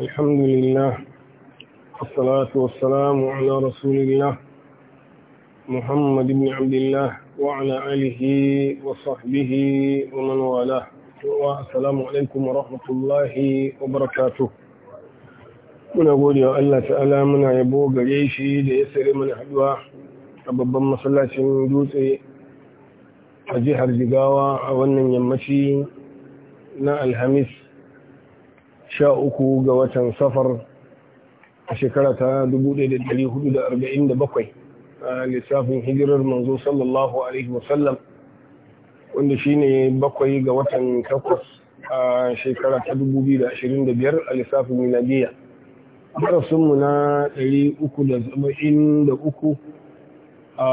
الحمد لله والصلاة والسلام على رسول الله محمد بن عبد الله وعلى آله وصحبه ومن والاه والسلام عليكم ورحمة الله وبركاته muna gode wa Allah ta'ala muna yabo gare shi da ya sare mana haduwa a babban masallacin dutse a jihar jigawa a wannan yammaci na alhamis sha uku ga watan safar a shekara ta 1447 a lissafin hijirar manzo sallallahu alaihi wasallam wanda shi ne bakwai ga watan takwas a shekara ta 2025 a lissafin miladiya mu na 373 a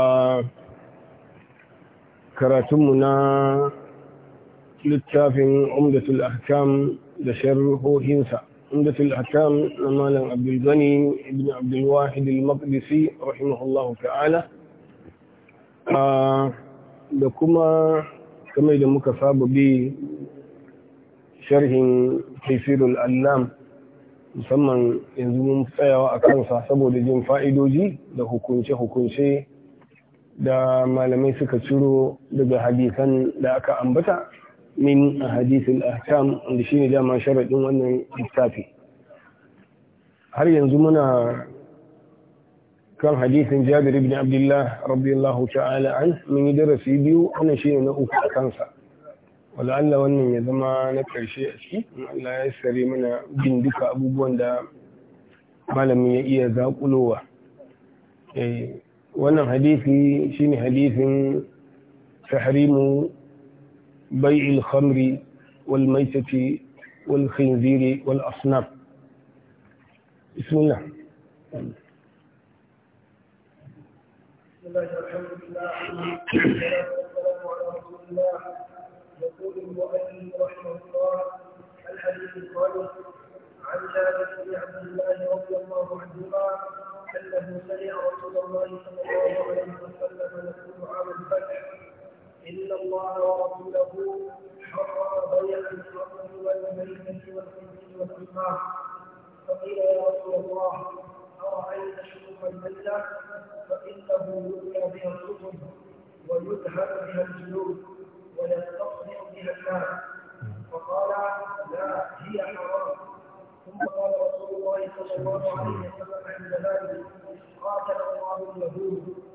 karatunmu na littafin umdatul ahkam da sharhohinsa umdatul ahkam na malam abdul gani ibn abdul wahid al-maqdisi rahimahullahu ta'ala da kuma kamar da muka saba bi sharhin tafsirul allam musamman yanzu mun tsayawa a kansa saboda jin fa'idoji da hukunce-hukunce da malamai suka ciro daga hadisan da aka ambata min a al-ahkam shi shine dama sharadin wannan littafi har yanzu muna kan hadithin Jabir ibn Abdullah radiyallahu ta'ala an mun yi darasi biyu wannan ne na uku a kansa wala Allah wannan ya zama na karshe a ciki Allah ya sare mana bin duka abubuwan da malamin ya iya zakulowa eh, wannan hadisi shine hadisin tahrimu بيع الخمر والميتة والخنزير والأصناف بسم الله بسم الله الحمد لله والسلام على رسول الله يقول المؤلف رحمه الله الحديث الخامس عن جابر بن عبد الله رضي الله عنهما انه سمع رسول الله صلى الله عليه وسلم يقول عام الفتح إن الله ورسوله حرم بيع الحرم والميتة والخنزير والأنعام فقيل يا رسول الله أرأيت شرب الميتة فإنه يؤتى بها السفن ويذهب بها الجلود ويستصنع بها الناس فقال لا هي حرام ثم قال رسول الله صلى الله عليه وسلم عند ذلك قاتل الله اليهود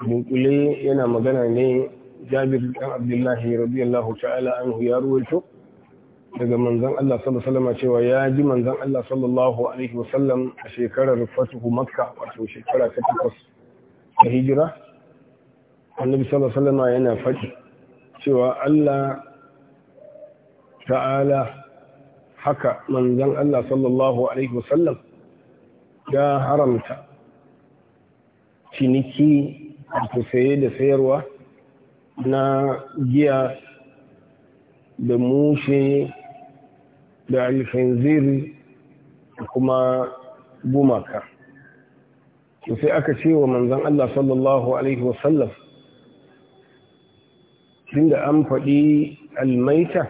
dunkule yana magana ne jabir dan abdullahi radiyallahu ta'ala ya ruwaito daga Manzan Allah sallallahu alaihi cewa ya ji Manzan Allah sallallahu alaihi wasallam a shekarar fatuhu makka wato shekara ta takwas ta hijira annabi sallallahu alaihi yana faɗi cewa Allah ta'ala haka Manzan Allah sallallahu alaihi wasallam ya haramta ciniki wato saye da sayarwa na giya da mushe da alfinzir da kuma gumaka sai aka ce wa manzan Allah sallallahu Alaihi wasallam inda an faɗi almaita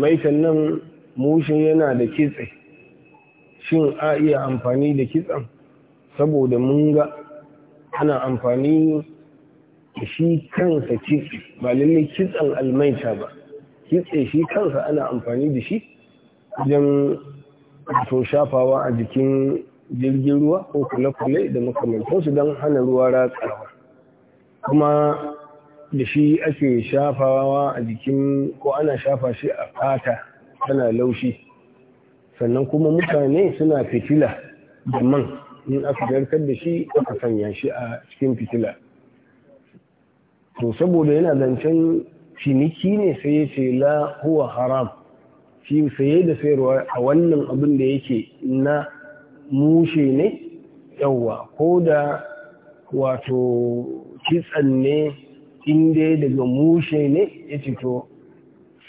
maitan nan mushe yana da kitse shin a iya amfani da kitson saboda mun ga ana amfani da shi kansa ce, ba lalle kitsan almaita ba kitse shi kansa ana amfani da shi don to shafawa a jikin jirgin ruwa ko kule-kule da makamantansu don hana ruwa ratsawa kuma da shi ake shafawa a jikin ko ana shafa shi a fata tana laushi sannan kuma mutane suna fitila da man in aka garkar da shi aka sanya shi a cikin fitila to saboda yana zancen ciniki ne sai ya ce la huwa haram shi saye da sayarwa a wannan abin da yake na mushe ne yawwa ko da wato kitsan ne inda daga mushe ne ya ce to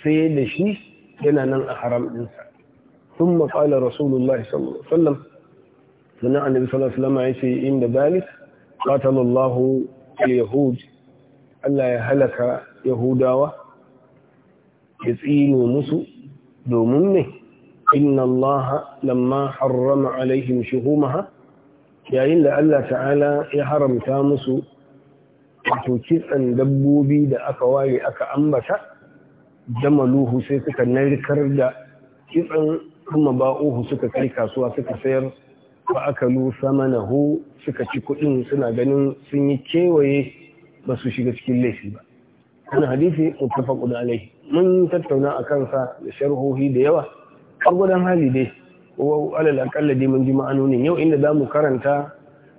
sai da shi yana nan a haram ɗinsa sun maƙalar rasulullah sallallahu sallam sannan annabi sallallahu alaihi wasallam ya ce inda dalis qatal Allah Allah ya halaka yahudawa ya tsine musu domin ne inna Allah lamma harrama alaihim shuhumaha yayin da Allah ta'ala ya haramta musu wato kitsan dabbobi da aka ware aka ambata jamaluhu sai suka narkar da kitsan kuma ba'uhu suka kai kasuwa suka sayar ba aka samanahu suka ci kuɗin suna ganin sun yi kewaye ba su shiga cikin laifi ba Kana hadisi muttafaqun alai mun tattauna a kansa da sharhohi da yawa gudan hali dai ko alal akalla dai mun ji ma'anonin yau inda za mu karanta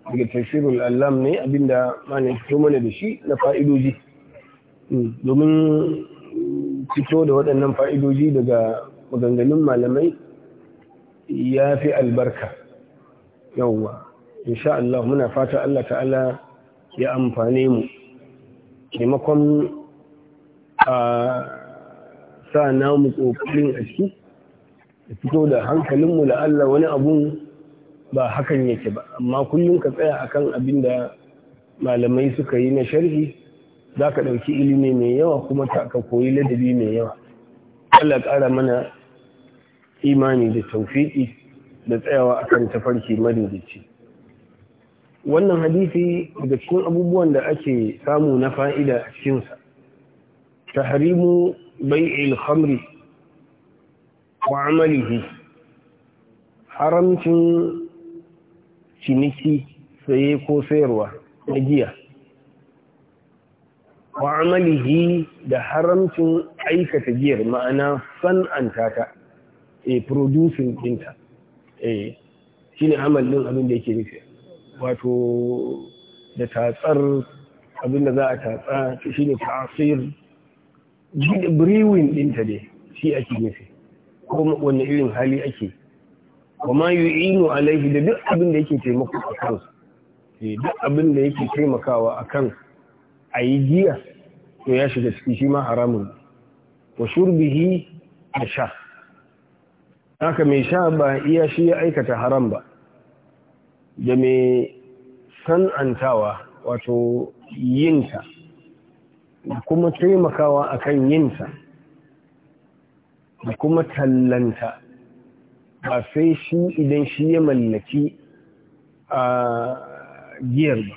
daga tafsirul allam ne abinda malam fito mana da shi na fa'idoji hmm, domin fito da waɗannan fa'idoji daga maganganun malamai ya fi albarka yawwa insha Allah muna fata Allah ta'ala ya amfane mu taimakon a sa namu tsokalin a ciki da fito da hankalinmu da Allah wani abun ba hakan yake ba amma kullum ka tsaya akan abin da malamai suka yi na sharhi za ka ɗauki ilimi mai yawa kuma ta ka koyi ladabi mai yawa Allah ƙara mana imani da taufiƙi da tsayawa akan tafarki madaidaici wannan hadisi daga cikin abubuwan da ake samu na fa'ida a cikinsa tahrimu bai khamri wa amalihi haramcin ciniki saye ko sayarwa na giya wa amalihi da haramcin aikata giyar ma'ana san'anta ta a eh, producing dinta eh, shi ne amalin abin da yake nufi wato da tatsar abinda za a tatsa shi ne tasir brewing ɗinta dai shi ake nufi ko wanne irin hali ake kuma a alaihi da duk abin da yake taimako a kan eh, duk abin yake taimakawa a kan a yi giya to ya shiga ciki shi ma haramun wa shurbihi da sha haka mai sha ba iya shi ya aikata haram ba da mai san'antawa wato yinta da kuma taimakawa akan yinta da kuma tallanta ba sai shi idan shi ya mallaki a giyar ba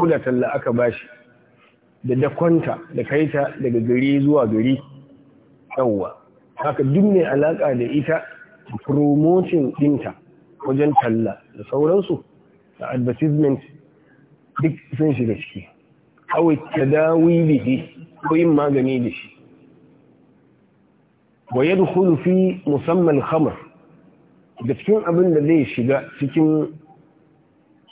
ko da talla aka bashi da dakonta da kaita daga gari zuwa gari yauwa haka duk mai alaka da ita promoting dinta wajen talla da sauransu da advertisement duk sun shiga ciki kawai tadawi da shi ko yin magani da shi wa yadda hulufi musamman hamar, da cikin abin da zai shiga cikin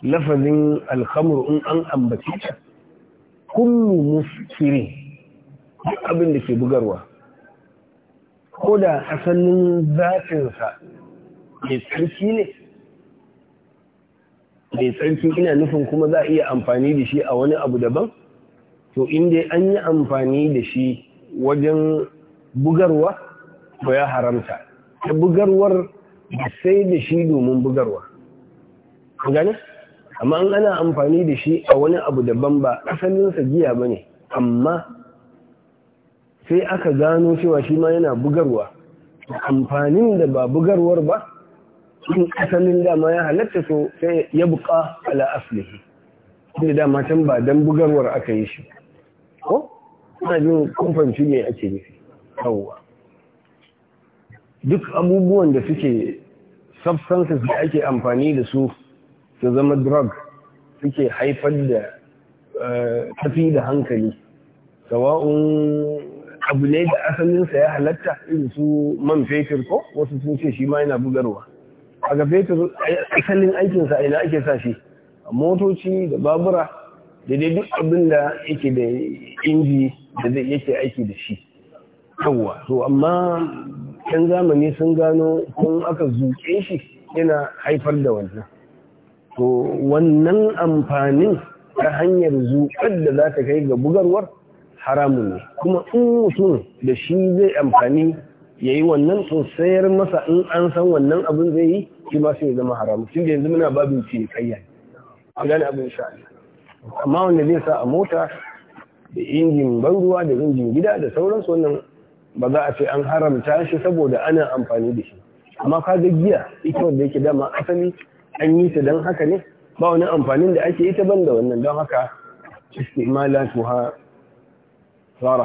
lafazin alhamar in an ambaci ta kullu muskiri duk abin da ke bugarwa ko da asalin zafinsa mai tsarki ne mai tsarki ina nufin kuma za a iya amfani da shi a wani abu daban to inda an yi amfani da shi wajen bugarwa to ya haramta ta bugarwar da sai da shi domin bugarwa gani? amma an ana amfani da shi a wani abu daban ba asalinsa giya ba ne amma sai aka gano cewa shi ma yana bugarwa amfanin da ba bugarwar ba in asalin dama ya halatta so sai ya buƙa ala aslihi Inda dama can ba don bugarwar aka yi shi ko ina jin kumfanci ne ake nufi yawwa duk abubuwan da suke substances da ake amfani da su su zama drug suke haifar da eh, tafi da hankali sawa'un abu ne da asalinsa ya halatta irin su man fetur ko wasu sun ce shi ma yana bugarwa a ga fetur asalin aikinsa a ina ake sa shi motoci da babura da dai duk abin da yake da inji da zai yake aiki da shi yawwa to amma yan zamani sun gano kun aka zuke shi yana haifar da wannan to wannan amfanin ta hanyar zuƙar da za ta kai ga bugarwar haramun ne kuma in mutum da shi zai amfani ya yi wannan sosayar masa in an san wannan abin zai yi shi ma sai zama haramu tun da yanzu muna babin ce kayya a gane abin sha amma wanda zai sa a mota da injin ban ruwa da injin gida da sauransu wannan ba za a ce an haramta shi saboda ana amfani da shi amma ka ga giya ita wanda yake dama asali an yi ta don haka ne ba wani amfanin da ake ita ban da wannan don haka istimala tuha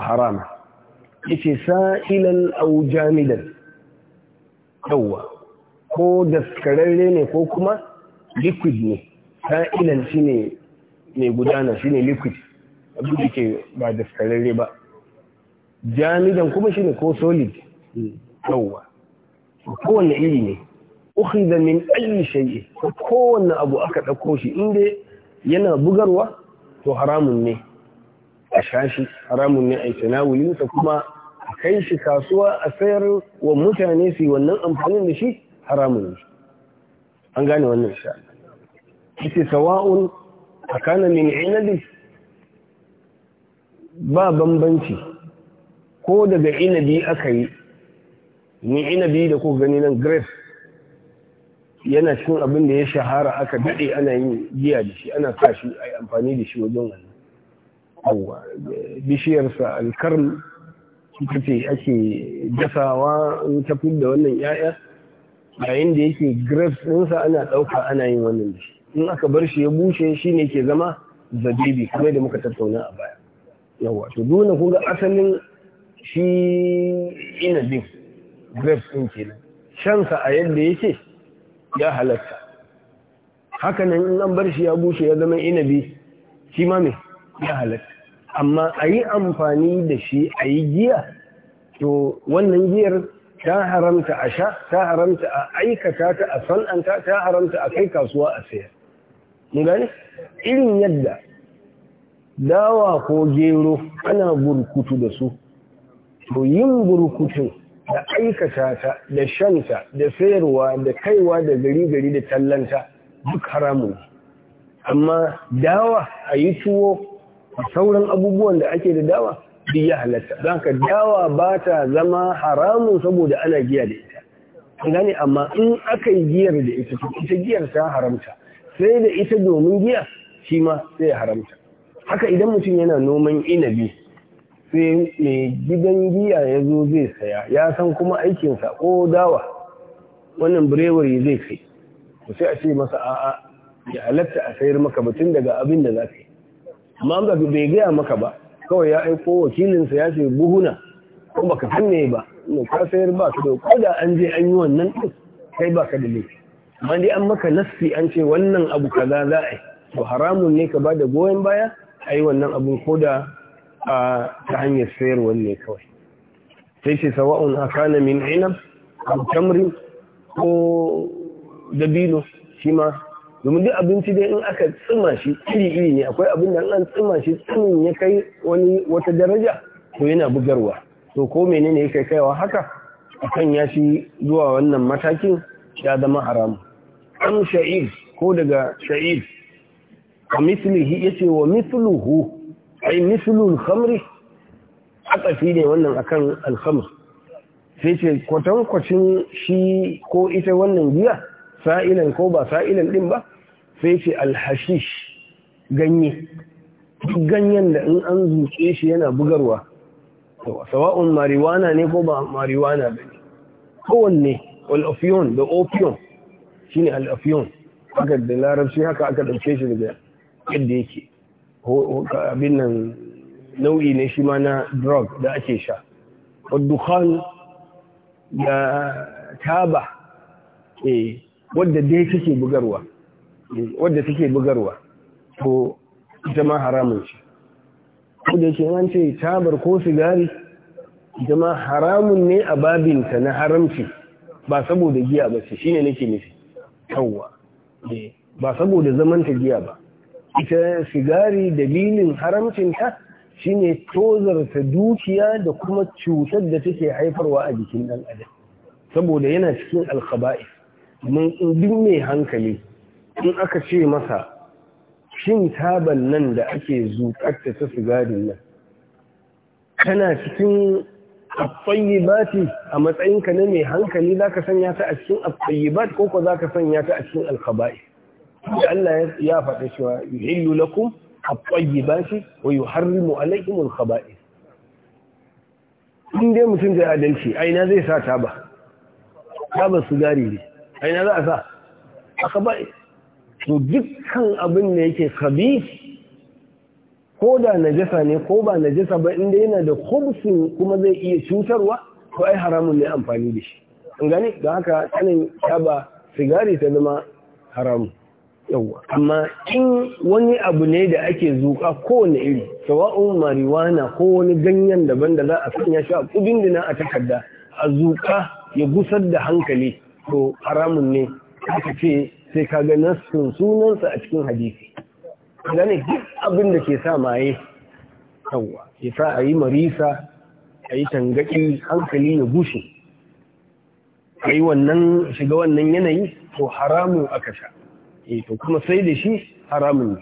harama yace sa'ilan aw jamidan yawa ko daskararre ne ko kuma liquid ne sa'ilan shine mai gudana shine liquid abin da ke ba daskararre ba jamidan kuma shine ko solid yawa wanne iri ne ukhidha min ayi shay'i wanne abu aka ɗauko shi inda yana bugarwa to haramun ne a shashi haramun ne a yi tanawulinsa kuma kai shi kasuwa a sayar wa mutane su yi wannan amfanin da shi haramun an gane wannan sha ita sawa'un a kana min inadi ba bambanci ko daga inabi aka yi min inabi da ko gani nan grace yana cikin abin da ya shahara aka daɗe ana yin giya da shi ana sa shi a amfani da shi wajen wannan bishiyarsa alkarm kace ake dasawa in ta da wannan ya'ya yayin da yake grapes ɗinsa ana ɗauka ana yin wannan da shi in aka bar shi ya bushe shi ne ke zama zabibi kamar da muka tattauna a baya yawa to dole kun ga asalin shi ina din grapes ɗin kenan shansa a yadda yake ya halatta haka nan in an bar shi ya bushe ya zama inabi shi ma me ya halatta amma a yi amfani da shi a yi giya to wannan giyar ta haramta a sha ta haramta a aikata ta a san'anta ta haramta a kai kasuwa a sayar gani irin yadda dawa ko gero ana burkutu da su to yin burkutun da aikata ta da shanta da sayarwa da kaiwa da gari gari da tallanta duk haramun amma dawa a yi tuwo sauran abubuwan da ake da dawa duk ya halatta don ka dawa ba ta zama haramun saboda ana giya da ita gane amma in aka yi giyar da ita to ita giyar ta haramta sai da ita domin giya shi ma sai ya haramta haka idan mutum yana noman inabi sai mai gidan giya ya zo zai saya ya san kuma aikinsa ko dawa wannan birewari zai kai to sai a ce masa a'a ya halatta a sayar maka mutum daga abin da za ka yi amma an bai gaya maka ba kawai ya aiko wakilinsa ya ce buhuna ko baka san me ba ne ka sayar ba ka da da an je an yi wannan din kai ba ka da amma dai an maka nassi an ce wannan abu kaza za a yi to haramun ne ka ba da goyon baya a yi wannan abun ko da ta hanyar sayar wanne kawai sai ce sawa'un a kana min inab ko ko dabino shi ma domin duk abinci dai in aka tsima shi iri-iri ne akwai abin da an tsima shi tsimin ya kai wani wata daraja to yana bugarwa to ko menene ya kai kaiwa haka akan ya shi zuwa wannan matakin ya zama haramu am sha'ir ko daga sha'ir a mislihi ya ce wa misluhu ai mislul khamri akafi ne wannan akan alkhamr sai ce kwatankwacin shi ko ita wannan giya sa'ilan ko ba sa'ilan din ba sai ce alhashish ganye duk ganyen da in an zuce shi yana bugarwa sawa'un mariwana ne ko ba mariwana ba ne kowanne al'afiyon da opiyon shi ne al'afiyon haka da larabci haka aka ɗauke shi daga yadda yake abin nan nau'i ne shi ma na drug da ake sha waddukan da taba eh, wadda dai kake bugarwa wadda take bugarwa to ita ma haramun shi. ko da an ce tabar ko sigari ita haramun ne a babinta na haramci ba saboda giya ba shi shine nake nufi yawwa eh, ba saboda zaman ta giya ba ita sigari dalilin haramcinta shine tozarta dukiya da kuma cutar da take haifarwa a jikin ɗan adam saboda yana cikin alkhaba'i mun in mai hankali in aka ce masa shin taban nan da ake zuƙar ta sigarin nan kana cikin afayibati a matsayinka na mai hankali za ka sanya ta a cikin ba ko ko za ka sanya ta a cikin alkaba'i da Allah ya faɗa cewa yuhillu lakum afayibati wa yuharrimu alaikum alkaba'i in dai mutum zai adalci aina zai sa taba taba sigari ne aina za a sa alkaba'i to dukkan abin da yake khabith ko da najasa ne ko ba najasa ba inda yana da khubsin kuma zai iya cutarwa to ai haramun ne amfani da shi an gane da haka sanin taba sigari ta zama haramun yawa amma in wani abu ne da ake zuka kowane iri sawa'un marijuana ko wani ganyen daban da za a sanya shi a kudin dina a takarda a zuka ya gusar da hankali to haramun ne aka ce sai ka ga nassin sunansa a cikin hadisi ne duk abin da ke sa maye yawa ya sa a yi marisa a yi tangaki hankali ya gushe a yi wannan shiga wannan yanayi to haramun aka sha e to kuma sai da shi haramun ne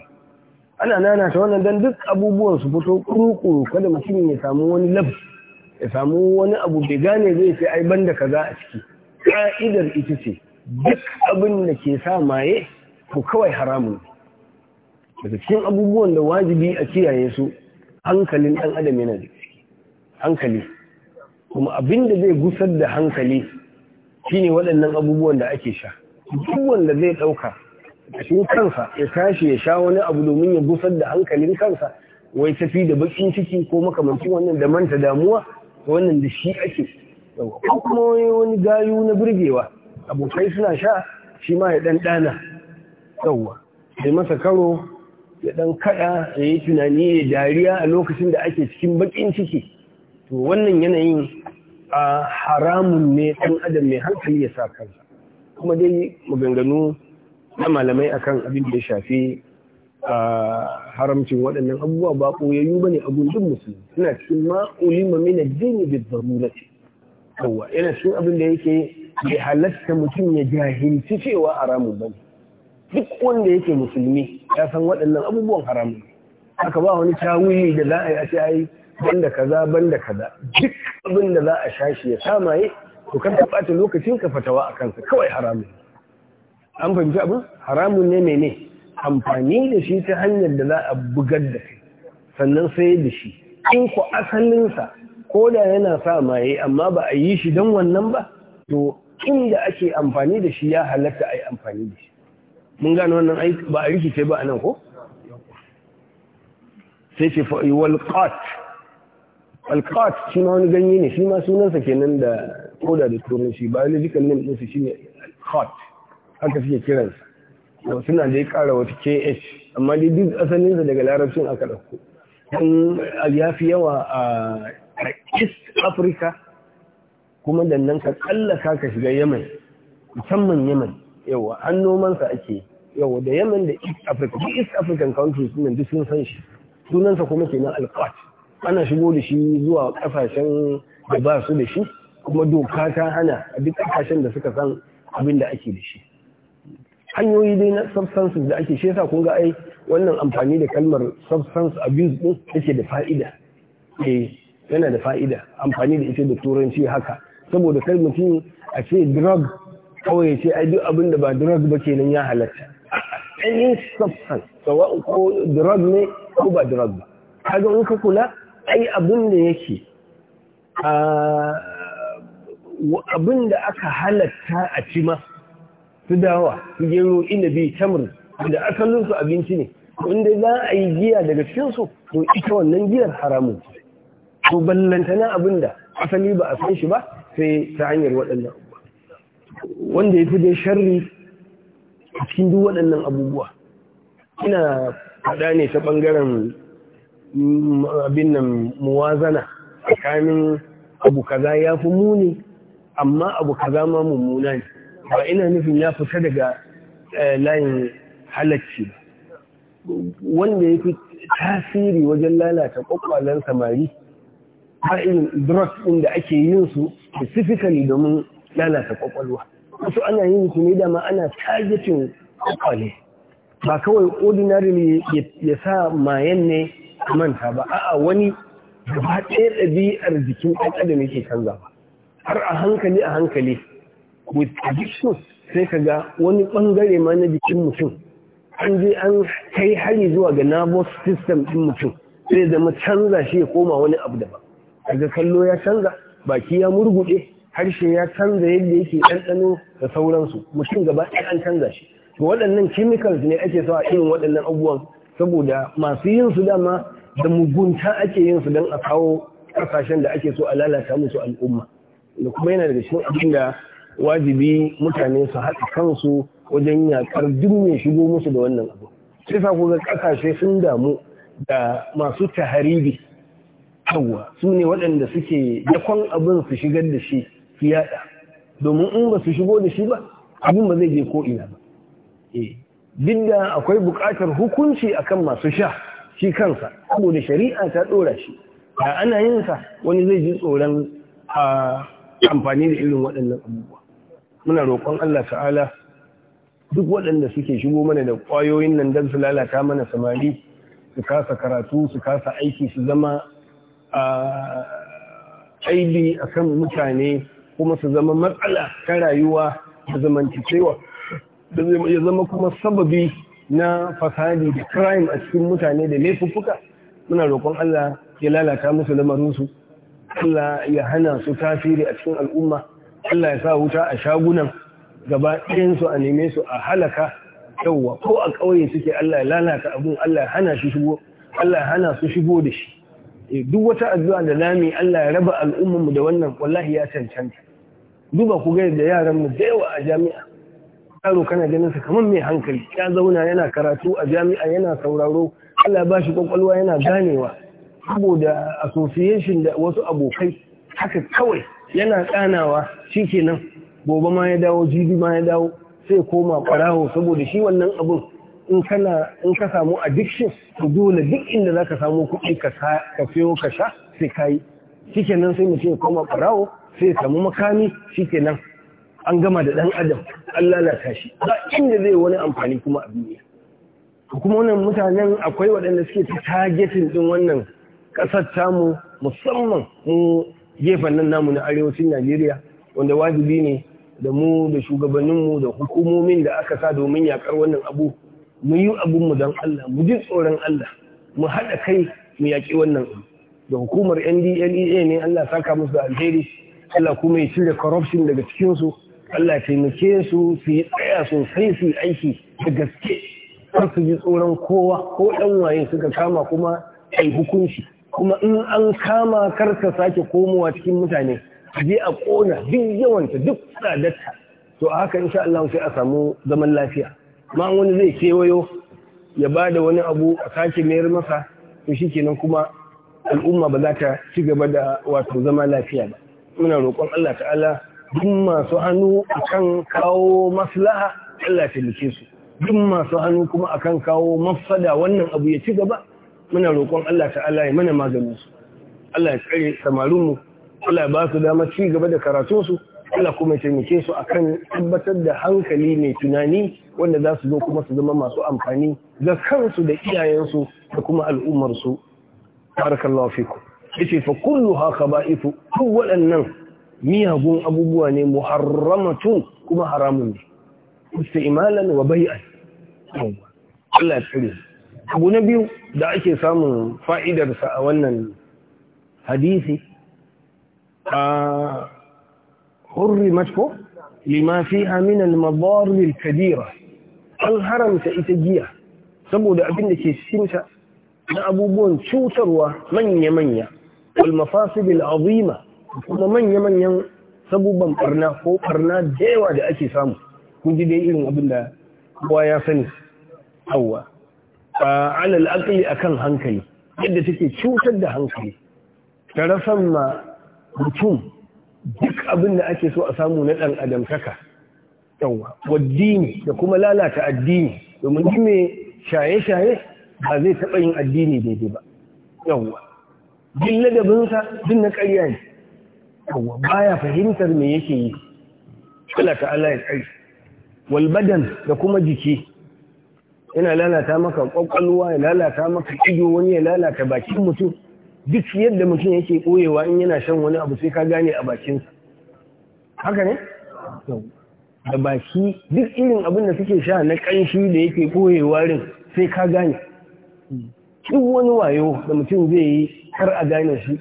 ana nana ta wannan don duk abubuwan su fito kurukuru kada mutum ya samu wani lab ya samu wani abu bai gane zai sai ai banda kaza a ciki ka'idar ita ce duk abin da ke sa maye ko kawai haramun daga cikin abubuwan da wajibi a kiyaye su hankalin ɗan adam yana da hankali kuma abin da zai gusar da hankali shine waɗannan abubuwan da ake sha duk wanda zai ɗauka a cikin kansa ya tashi ya sha wani abu domin ya gusar da hankalin kansa wai tafi da bakin ciki ko makamancin wannan da manta damuwa wannan da shi ake ko kuma wani gayu na burgewa abokai suna sha shi ma ya dan dana yawwa sai masa karo ya dan kada ya yi tunani ya dariya a lokacin da ake cikin bakin ciki to wannan yanayin a haramun ne ɗan adam mai hankali ya sa kansa kuma dai maganganu na malamai akan abin da ya shafi a haramcin waɗannan abubuwa ba ɓoyayyu ba ne a gundun musulmi suna cikin ma'ulima mina dini bi zarurati yana cikin abin da yake bai halatta mutum ya jahilci cewa haramun ba duk wanda yake musulmi ya san waɗannan abubuwan haramun haka ba wani tawili da za a yi a ce ai banda kaza banda kaza duk abin da za a shashi ya yi to kan ta ɓata lokacin ka fatawa a kansa kawai haramun an fahimci abin haramun ne mene amfani da shi ta hanyar da za a bugar da kai sannan sai da shi in ku asalinsa ko da yana sa maye amma ba a yi shi don wannan ba to inda ake amfani da shi ya halatta a yi amfani da shi mun gano wannan aiki ba a rikice ba a nan ko sai ce fa'i walƙat walƙat shi ma wani ganye ne shi ma sunansa kenan da koda da turanci biological name ɗinsu shi ne alƙat haka suke kiransa da suna da ya ƙara wata kh amma dai duk asalinsa daga larabcin aka ɗauko ya fi yawa a east africa kuma da nan ka kallaka ka shiga yaman musamman yaman yawa an nomansa ake yawa da yaman da east africa east african countries nan duk sun san shi sunansa kuma kenan alqat ana shigo da shi zuwa kasashen da ba su da shi kuma doka ta hana a duk kasashen da suka san abin da ake da shi hanyoyi dai na substances da ake shi yasa kun ga ai wannan amfani da kalmar substance abuse din yake da fa'ida eh yana da fa'ida amfani da ita da turanci haka saboda kai mutum a ce drug kawai ya ce a duk abin da ba drug ba kenan ya halatta any substance ko drug ne ko ba drug ba kaga in ka kula ai abin da yake abin da aka halatta a ci ma su dawa su gero inabi tamr da asalin su abinci ne inda za a yi giya daga cikin su to ita wannan giyar haramun Ko ballantana abin da asali ba a san shi ba sai ta hanyar waɗannan abubuwa wanda ya fi dai sharri a cikin duk waɗannan abubuwa ina faɗa ne ta ɓangaren mm, abin nan muwazana tsakanin abu kaza ya fi muni amma abu kaza ma mummuna ne ba ina nufin ya fita daga eh, layin halacci ba wanda ya fi tasiri wajen lalata kwakwalen samari ha'in drugs ɗin da ake yin su specifically domin lalata kwakwalwa wasu ana yin su ne dama ana targeting kwakwale ba kawai ordinarily ya sa mayan ne manta ba a'a wani gaba ɗaya ɗabi'ar jikin ɗan da yake canza ba har a hankali a hankali with addiction sai ka ga wani ɓangare ma na jikin mutum an je an kai hari zuwa ga nervous system ɗin mutum sai zama canza shi ya koma wani abu daban kaga kallo ya canza baki ya murguɗe harshe ya canza yadda yake ɗanɗano da sauransu mutum gaba ɗaya an canza shi to waɗannan chemicals ne ake sawa irin waɗannan abubuwan saboda masu yin su dama da mugunta ake yin su don a kawo ƙasashen da ake so a lalata musu al'umma da kuma yana daga cikin abin da wajibi mutane su haɗa kansu wajen yaƙar duk mai shigo musu da wannan abu sai sa ku ga ƙasashe sun damu da masu taharibi yawwa su ne waɗanda suke dakon abin su shigar da shi su yada domin in ba su shigo da shi ba abin ba zai je ko ina ba eh, duk da akwai buƙatar hukunci akan masu sha shi kansa saboda shari'a ta ɗora shi da ana yin sa wani zai ji tsoron amfani da irin waɗannan abubuwa muna roƙon Allah ta'ala duk waɗanda suke shigo mana da ƙwayoyin nan don su lalata mana samari su kasa karatu su kasa aiki su zama aibi a kan mutane kuma su zama matsala ta rayuwa da zamantakewa ya zama kuma sababi na fasadi da crime a cikin mutane da laifuffuka muna roƙon Allah ya lalata musu lamarinsu Allah ya hana su tasiri a cikin al'umma Allah ya sa wuta a shagunan gaba ɗayansu a neme su a halaka yauwa ko a ƙauye suke Allah ya lalata abun Allah ya Allah ya hana su shigo da shi duk wata addu'a da nami Allah ya raba al'ummar da wannan wallahi ya cancanta duba ku ga da yaran mu da yawa a jami'a yaro kana ganin sa kamar mai hankali ya zauna yana karatu a jami'a yana sauraro Allah ba shi kwakwalwa yana ganewa saboda association da wasu abokai haka kawai yana tsanawa shikenan gobe ma ya dawo jibi ma ya dawo sai koma karaho saboda shi wannan abun in ka samu addiction to dole duk inda za ka samu kuɗi ka ka fiyo ka sha sai kai nan sai mu ya koma barawo sai ya samu makami nan. an gama da ɗan adam an lalata shi ba inda zai wani amfani kuma a duniya kuma wannan mutanen akwai waɗanda suke ta targeting din wannan ƙasar tamu musamman mu gefen nan namu na arewacin Najeriya wanda wajibi ne da mu da shugabanninmu da hukumomin da aka sa domin yakar wannan abu mu yi mu don Allah mu ji tsoron Allah mu haɗa kai mu yaƙi wannan abu da hukumar ndlea ne Allah saka musu alheri Allah kuma ya cire corruption daga cikinsu Allah taimake su su yi tsaya sosai su yi aiki da gaske kar su ji tsoron kowa ko ɗan waye suka kama kuma ai hukunci kuma in an kama kar sake komowa cikin mutane a je a ƙona duk yawanta duk tsadatta, to a haka insha Allah sai a samu zaman lafiya ma wani zai kewayo ya ba da wani abu a sake mayar masa to shi kenan kuma al'umma ba za ta ci gaba da wato zama lafiya ba muna roƙon Allah ta'ala duk masu hannu akan kawo maslaha Allah ta lice su duk masu hannu kuma akan kawo mafsada wannan abu ya ci gaba muna roƙon Allah ta'ala ya mana maganin su Allah ya tsare samarinmu Allah ya ba su damar ci gaba da karatunsu Allah kuma ya taimake su akan tabbatar da hankali mai tunani wanda za su zo kuma su zama masu amfani ga kansu da iyayensu da kuma al'ummarsu barakallahu fiku yace fa kulluha khaba'ifu duk waɗannan miyagun abubuwa ne muharramatun kuma haramun ne istimalan wa bai'an Allah ya tsare abu na biyu da ake samun fa'idarsa a wannan hadisi a hurri ko lima fiha min al kadira an haramta ita giya saboda abin da ke cikinta na abubuwan cutarwa manya-manya walmafasibil azima kuma manya-manyan sabubban barna ko barna da yawa da ake samu kun ji dai irin abin da kowa ya sani hawa a alal akali kan hankali yadda take cutar da hankali ta rasan ma mutum duk abin da ake so a samu na ɗan adamtaka yawa waddini da kuma lalata addini domin shi shaye-shaye ba zai taɓa yin addini daidai ba yawa jin ladabinsa jin na ƙarya ne yawa baya fahimtar me yake yi Allah ala ya tsari walbadan da kuma jiki yana lalata maka ƙwaƙwalwa ya lalata maka ido wani ya lalata bakin mutum duk yadda mutum yake ɓoyewa in yana shan wani abu sai ka gane a bakinsa haka ne? da baki duk irin abin da suke sha na ƙanshi da yake koye warin sai ka gane duk wani wayo da mutum zai yi har a gane shi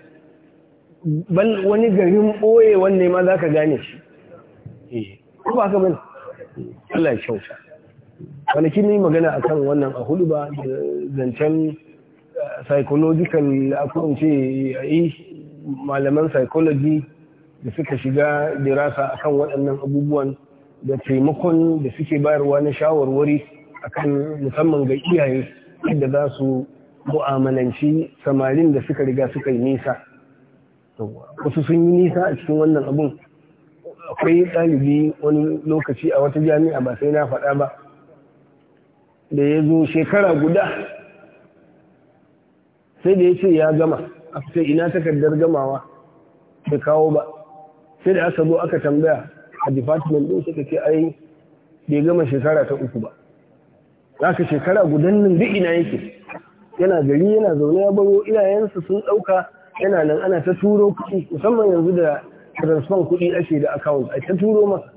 wani garin ɓoye wanne ma za ka gane shi ko ba ka bane Allah ya kyauta kwanaki ne magana a kan wannan a hudu ba zancen eh, psychological kan ce yi eh, malaman psychology da suka shiga dirasa akan waɗannan abubuwan da taimakon da suke bayarwa na shawarwari akan musamman ga iyaye yadda za su mu'amalanci samarin da suka riga suka yi nisa wasu sun yi nisa a cikin wannan abun akwai ɗalibi wani lokaci a wata jami'a ba sai na faɗa ba da ya zo shekara guda sai da ya ce ya gama a ina takardar gamawa sai kawo ba sai da aka zo aka tambaya a department din suka ce ai bai gama shekara ta uku ba haka shekara gudan nan duk ina yake yana gari yana zaune ya baro iyayensa sun ɗauka yana nan ana ta turo kuɗi musamman yanzu da transfer kuɗi ake da account a ta turo masa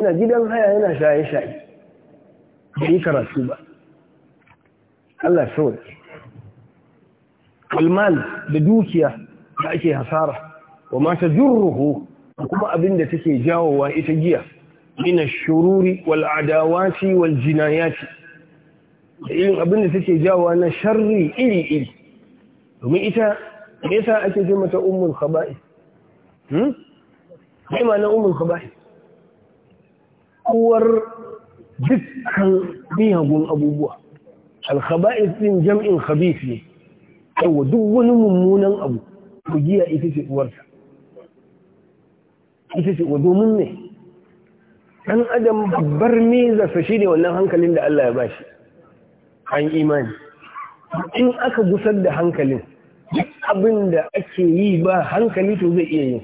yana gidan haya yana shaye-shaye bai karatu ba Allah shawar almal da dukiya da ake hasara wa mata jurruhu kuma abin da take jawowa ita giya min shururi wal adawati wal jinayati da irin abin da take jawowa na sharri iri iri domin ita me yasa ake ce mata ummul khaba'i hmm kai ma na ummul khaba'i uwar dukkan miyagun abubuwa al khaba'i din jam'in khabith ne yawa duk wani mummunan abu ku giya ita ce uwarsa ita ce wa domin ne ɗan adam babbar mizarsa shi ne wannan hankalin da Allah ya ba shi an imani in aka gusar da hankalin duk abin da ake yi ba hankali to zai iya yin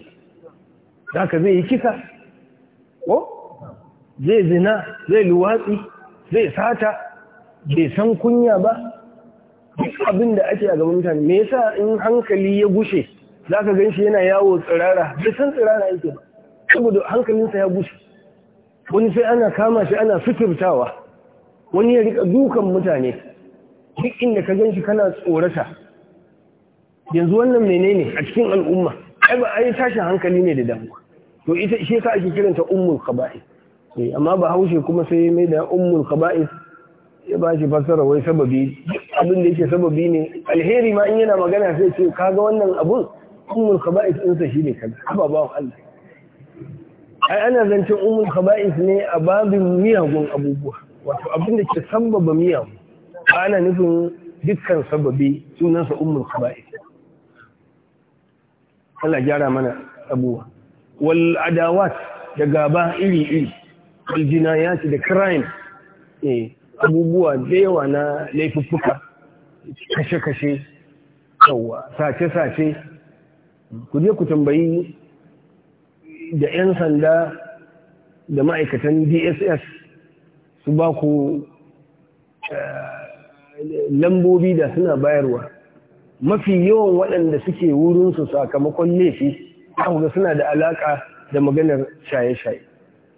haka zai yi kisa ko zai zina zai luwatsi zai sata bai san kunya ba duk abin da ake a gaban mutane me yasa in hankali ya gushe ka gan shi yana yawo tsirara bai san tsirara yake ba saboda hankalinsa ya bushe wani sai ana kama shi ana fitirtawa. wani ya rika dukan mutane duk inda ka gan shi kana tsorata yanzu wannan menene a cikin al'umma ai ba ai tashin hankali ne da damuwa to ita shi ka ake kiranta ummul qaba'i eh, amma ba haushe kuma sai mai da ummul qaba'i ya ba shi fassara wai sababi abin da yake sababi ne alheri ma in yana magana sai ce kaga wannan abun ummul qaba'i din sa shine kaza ba ba Allah ai ana zancen umul kaba'is ne a babin miyagun abubuwa wato abin da ke sabbaba miyagu ana nufin dukkan sababi sunansa umul kaba'is Allah gyara mana abubuwa wal adawat da gaba iri iri wal jinayat da crime eh abubuwa da yawa na laifuffuka kashe kashe yawa sace sace ku je ku tambayi da 'yan sanda da ma'aikatan dss su ba ku eh, lambobi da suna bayarwa mafi yawan waɗanda suke wurinsu sakamakon laifi ga suna da alaƙa da maganar shaye-shaye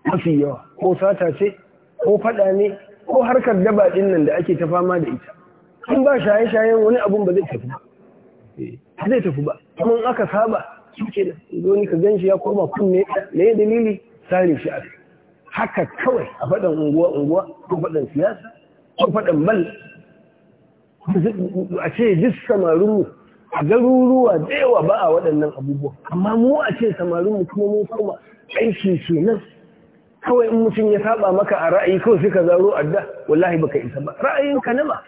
mafi yawa ko sata ce ko faɗa ne ko harkar daba ɗin nan da ake ta fama da ita in ba shaye-shayen wani abun ba zai tafi ba eh. zai tafi ba kuma aka saba shi da zo ni ka gan shi ya koma kunne me ne dalili sare shi a haka kawai a fadan unguwa unguwa ko fadan siyasa ko fadan bal a ce samarun mu a garuruwa da yawa ba a waɗannan abubuwa amma mu a ce mu kuma mun koma aiki kenan kawai in mutum ya saba maka a ra'ayi kawai suka zaro adda wallahi baka isa ba ra'ayinka na ba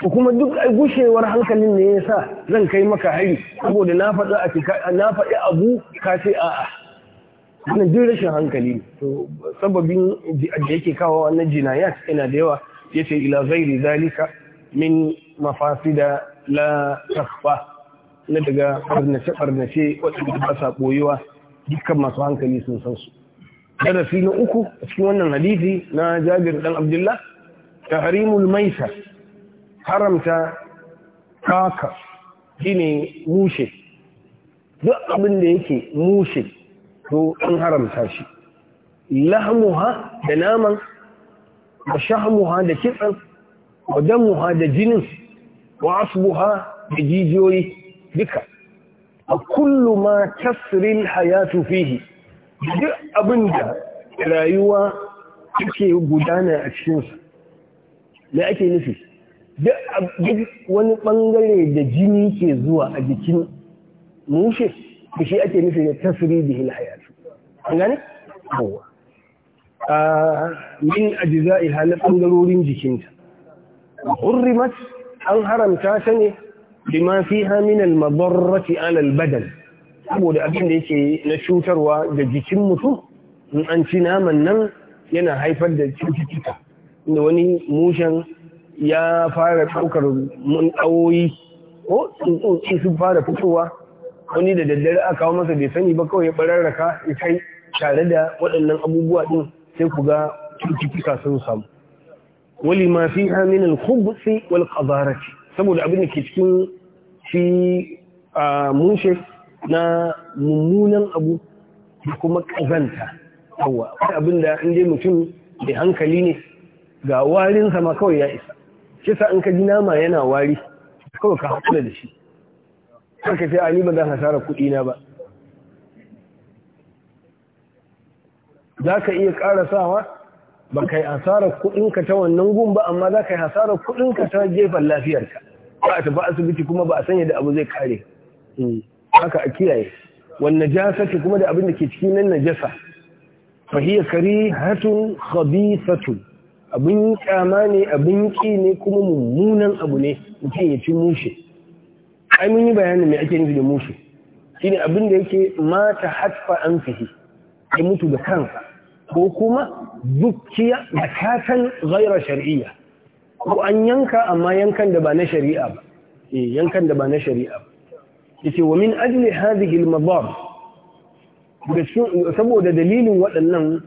ko kuma duk gushewar hankalin ne ya sa zan kai maka hari saboda na faɗi abu ka ce a'a wannan duk rashin hankali to sababin da yake kawo wannan jinayat yana da yawa yace ila ghairi zalika min mafasida la takhfa na daga farnace farnace wadanda ba sa boyewa dukkan masu hankali sun san su darasi na uku a cikin wannan hadisi na Jabir dan Abdullah tahrimul maisa haramta kaka shine mushe duk abin da yake mushe to an haramta shi lahmuha da naman wa shahmuha da kitsan wa damuha da jinin wa asbuha da jijiyoyi duka a kullu ma tasril hayatu fihi duk abin da rayuwa take gudana a cikinsa me ake nufi duk wani bangare da jini ke zuwa a jikin mushe da shi ake nufi da tasiri da hilhayatu an gane? kowa min ajiza ihalar bangarorin jikinta hurrimat an haramta ta ne ma fi haminal mabarrati alal badal saboda abin da yake na cutarwa da jikin mutum in an ci naman nan yana haifar da cututtuka inda wani mushen ya fara ɗaukar mun ɗawoyi ko tsuntsun sun fara fitowa wani da daddare a kawo masa bai sani ba kawai ya bararraka ya kai tare da waɗannan abubuwa ɗin sai ku ga cututtuka sun samu wali ma fi hamin al wal qadarati saboda abin da ke cikin shi a mushe na mummunan abu da kuma ƙazanta. yawa abin da in je mutum da hankali ne ga warin sama kawai ya isa shi sa in ka ji nama yana wari kawai ka haƙura da shi har ka ce a ni ba zan hasara kuɗi na ba za ka iya ƙara sawa ba ka yi hasarar kuɗinka ta wannan gun ba amma za ka yi hasarar kuɗinka ta gefen lafiyarka ba a tafi asibiti kuma ba a sanya da abu zai kare hmm. haka a kiyaye Wanne jasa ce kuma da abin da ke cikin nan najasa fahiyar kari hatun khabisatun abin kyama ne abin ƙi ne kuma mummunan abu ne mutum ya ci mushe ai mun yi bayanin mai ake nufi da mushe shine abin da yake mata hatfa an fihi ya mutu da kansa ko kuma dukiya da katan zaira shari'iyya ko an yanka amma yankan da ba na shari'a ba eh yankan da ba na shari'a ba yace wa min ajli hadhihi al-madar saboda dalilin waɗannan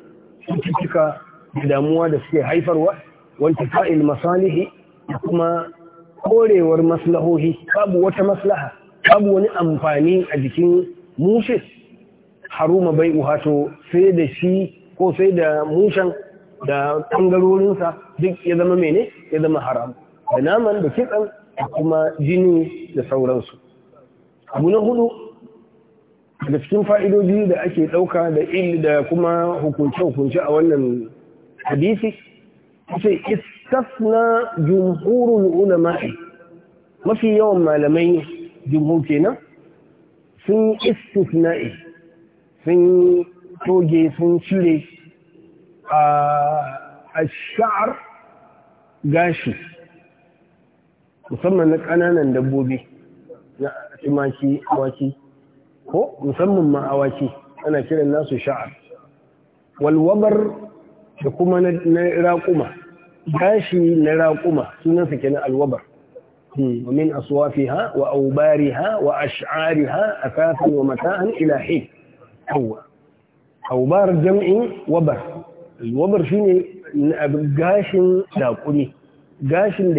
cututtuka da damuwa da suke haifarwa wanta fa'il masalihi da kuma korewar maslahohi babu wata maslaha babu wani amfani a jikin mushe haruma bai uhato sai da shi ko sai da mushen da tangarorinsa duk ya zama mene ya zama haram da naman da kitsan da kuma jini da sauransu abu na hudu da cikin fa'idoji da ake ɗauka da il da kuma hukunce-hukunce a wannan hadisi sai istasna jumhurul ulama'i mafi yawan malamai jumhur kenan sun istisna'i sun toge sun cire a sha'ar gashi musamman na ƙananan dabbobi na tumaki awaki ko musamman ma awaki ana kiran nasu sha'ar walwabar da kuma na raƙuma gashi na raƙuma sunansa kenan alwabar hmm, wa ومن wa ash'ariha وأشعارها wa mata'an ila حين هو aubar jam'in wabar. Alwabar shine gashin raƙumi gashin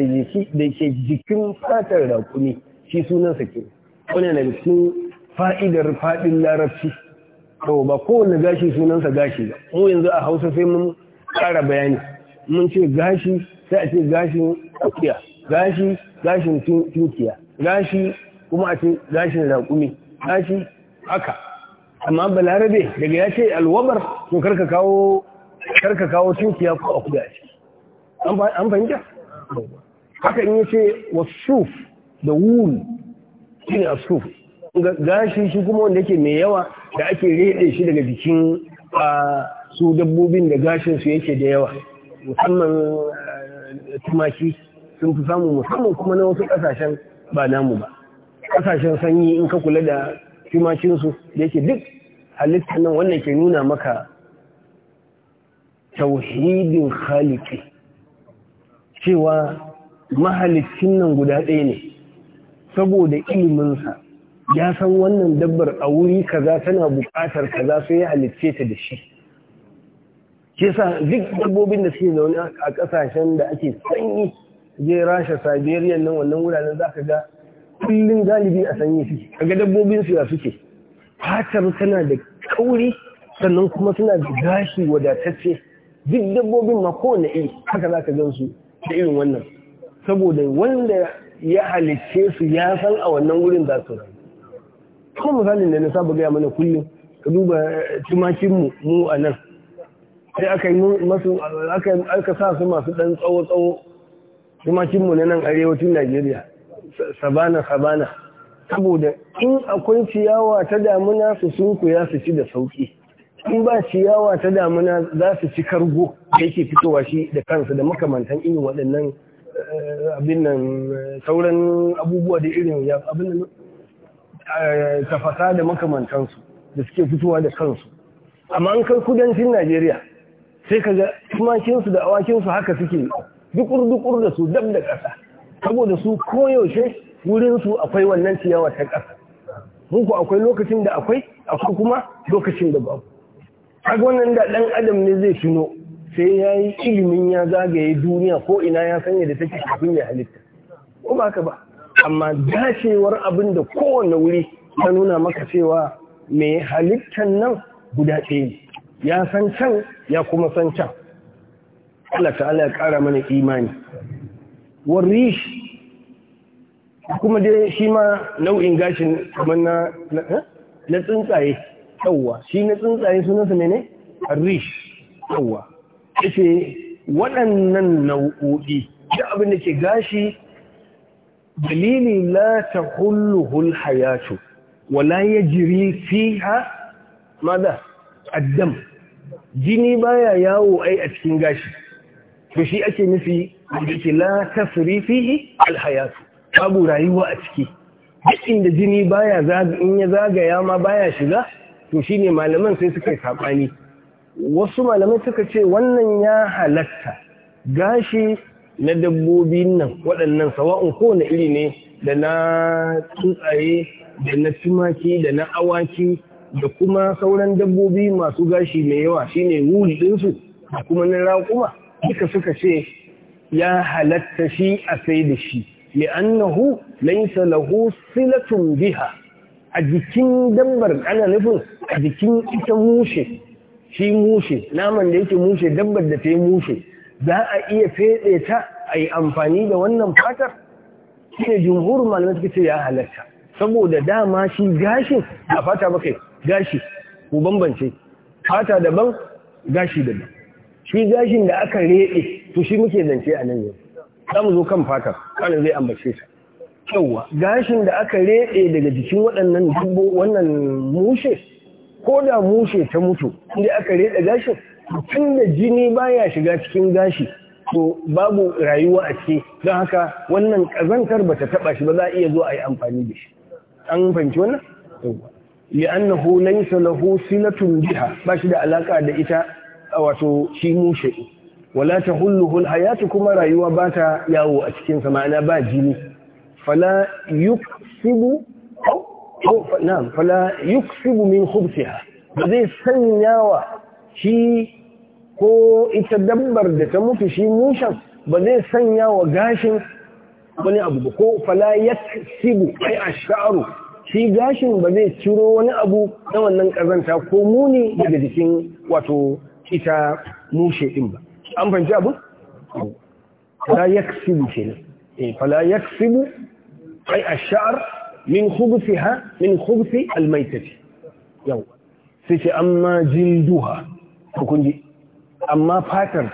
da ke jikin fatar raƙumi shi sunansa ke Wannan na cikin fa'idar faɗin larabci to ba kowane gashi sunansa gashi ba Ko yanzu a hausa sai mun ƙara bayani mun ce gashi sai a ce gashin akuya gashi gashin tunkiya gashi kuma a ce gashin raƙumi gashi haka amma balarabe daga ya ce alwabar to karka kawo karka kawo tunkiya ko a a ciki an fahimta haka in wa suf da wul a suf gashi shi kuma wanda yake mai yawa da ake rede shi daga jikin ah, su dabbobin da gashinsu yake da yawa musamman eh, tumaki sun fi samu musamman kuma na wasu kasashen ba namu ba ƙasashen sanyi in ka kula da tumakinsu da yake duk halittar nan wannan ke nuna maka tauhidin khaliki cewa mahalicin nan guda ɗaya ne saboda iliminsa ya san wannan dabbar a wuri kaza tana buƙatar kaza sai ya halicce ta da shi ke sa duk dabbobin da suke zaune a kasashen da ake sanyi je rasha siberian nan wannan wuraren za ka ga kullum galibi a sanyi suke kaga dabbobin su ya suke fatar tana da kauri sannan kuma suna da gashi wadatacce duk dabbobin ma kowane iri haka za ka gan su da irin wannan saboda wanda ya halicce su ya san a wannan wurin za su rayu kuma misalin da na saba gaya mana kullum ka duba tumakinmu mu a nan sai aka yi masu aka sa su masu ɗan tsawo-tsawo tumakinmu na nan arewacin najeriya sabana-sabana saboda in akwai ciyawa ta damuna su sunkuya su ci da sauƙi in ba ciyawa ta damuna za su ci kargo da yake fitowa shi da kansa da makamantan irin waɗannan eh, abin nan eh, sauran abubuwa da irin abin nan eh, tafasa da makamantansu da suke fitowa da kansu amma an kai kudancin najeriya sai ka ga tumakinsu da awakinsu haka suke dukur-dukur da su dab da ƙasa saboda su koyaushe wurinsu akwai wannan ciyawa ta ƙasa muku akwai lokacin da akwai akwai kuma lokacin da babu haka wannan da ɗan adam ne zai tuno sai ya yi ilimin ya zagaye duniya ko ina ya sanya da take kafin ya halitta ko ba ka ba amma dashewar abin da kowane wuri ta nuna maka cewa mai halittan nan guda ɗaya ne ya san can ya kuma san can Allah ta'ala ya ƙara mana imani warish kuma dai shi ma nau'in gashin kamar na na eh? tsuntsaye yawa shi na tsuntsaye sunansa ne ne arish yawa yace waɗannan nau'o'i shi abin da ke gashi dalili la tahulluhul hayatu wala yajri fiha madha addam jini baya yawo ai a cikin gashi to shi ake nufi da yake la tasrifihi alhayatu babu rayuwa a ciki duk inda jini baya in ya zagaya ma baya shiga to shine malaman sai suka yi sabani wasu malamai suka ce wannan ya halatta gashi na dabbobi nan waɗannan sawa'un na iri ne da na tsuntsaye da na tumaki da na awaki da kuma sauran dabbobi masu gashi mai yawa shine wuri ɗinsu da kuma na raƙuma duka suka ce ya halatta shi a sai da shi annahu laisa lahu silatun biha a jikin dabbar ana nufin a jikin ita mushe shi mushe naman da yake mushe dabbar da ta yi mushe za a iya fede ta a yi amfani da wannan fatar shi ne jumhur malamai suka ce ya halatta saboda dama shi gashin a fata bakai gashi ku bambance fata daban gashi daban shi gashin da aka rede to shi muke zance a nan yau za zo kan fata kana zai ambace ta yauwa gashin da aka rede daga jikin waɗannan dubbo wannan mushe ko da mushe ta mutu inda aka rede gashin tun da jini baya shiga cikin gashi to babu rayuwa a ce don haka wannan ƙazantar ba ta taɓa shi ba za a iya zo a yi amfani da shi an fahimci wannan? li'annahu laysa lahu silatun biha ba shi da alaƙa da ita wato shi mushe wala tahulluhu alhayatu kuma rayuwa ba ta yawo a cikin sa ma'ana ba jini fala yuksibu na'am fala yuksibu min khubsiha ba zai sanyawa shi ko ita dabbar da ta mutu shi mushen ba zai sanya wa gashin wani abu ko fala yaksibu ai a ash'aru shi gashin ba zai ciro wani abu na wannan ƙazanta ko muni daga jikin wato ita mushe ɗin ba an fahimci abu? fala yaksibu kenan eh fala yaksibu ai ashar min khubsiha min khubsi almaitati yau sai ce amma jilduha hukunji amma fatar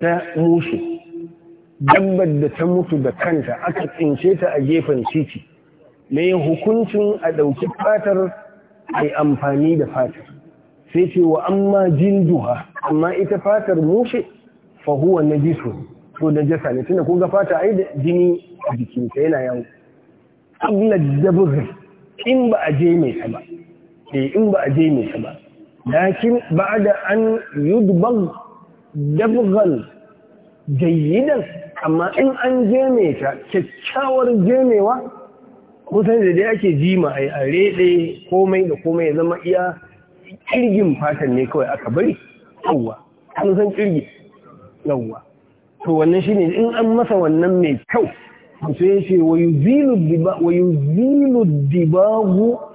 ta mushe dabbar da ta mutu da kanta aka tsince ta a gefen titi Mai hukuncin a ɗauki fatar a yi amfani da fatar sai ce wa amma jinduha amma ita fatar mushe Fahuwa na najisu to da jasa ne tunda kun ga fata ai da jini a jikin yana yawo da dabgh in ba a je mai ta ba eh in ba a je mai ta ba lakin da an da dabghan jayyidan amma in an je mai ta kyakkyawar je jemewa kusan da dai ake jima a ɗaya komai da komai ya zama iya Ƙirgin fatan ne kawai aka bari yawwa an san kirgi yawwa to wannan shine in an masa wannan mai kyau to ya ce wa yuzilu diba wa yuzilu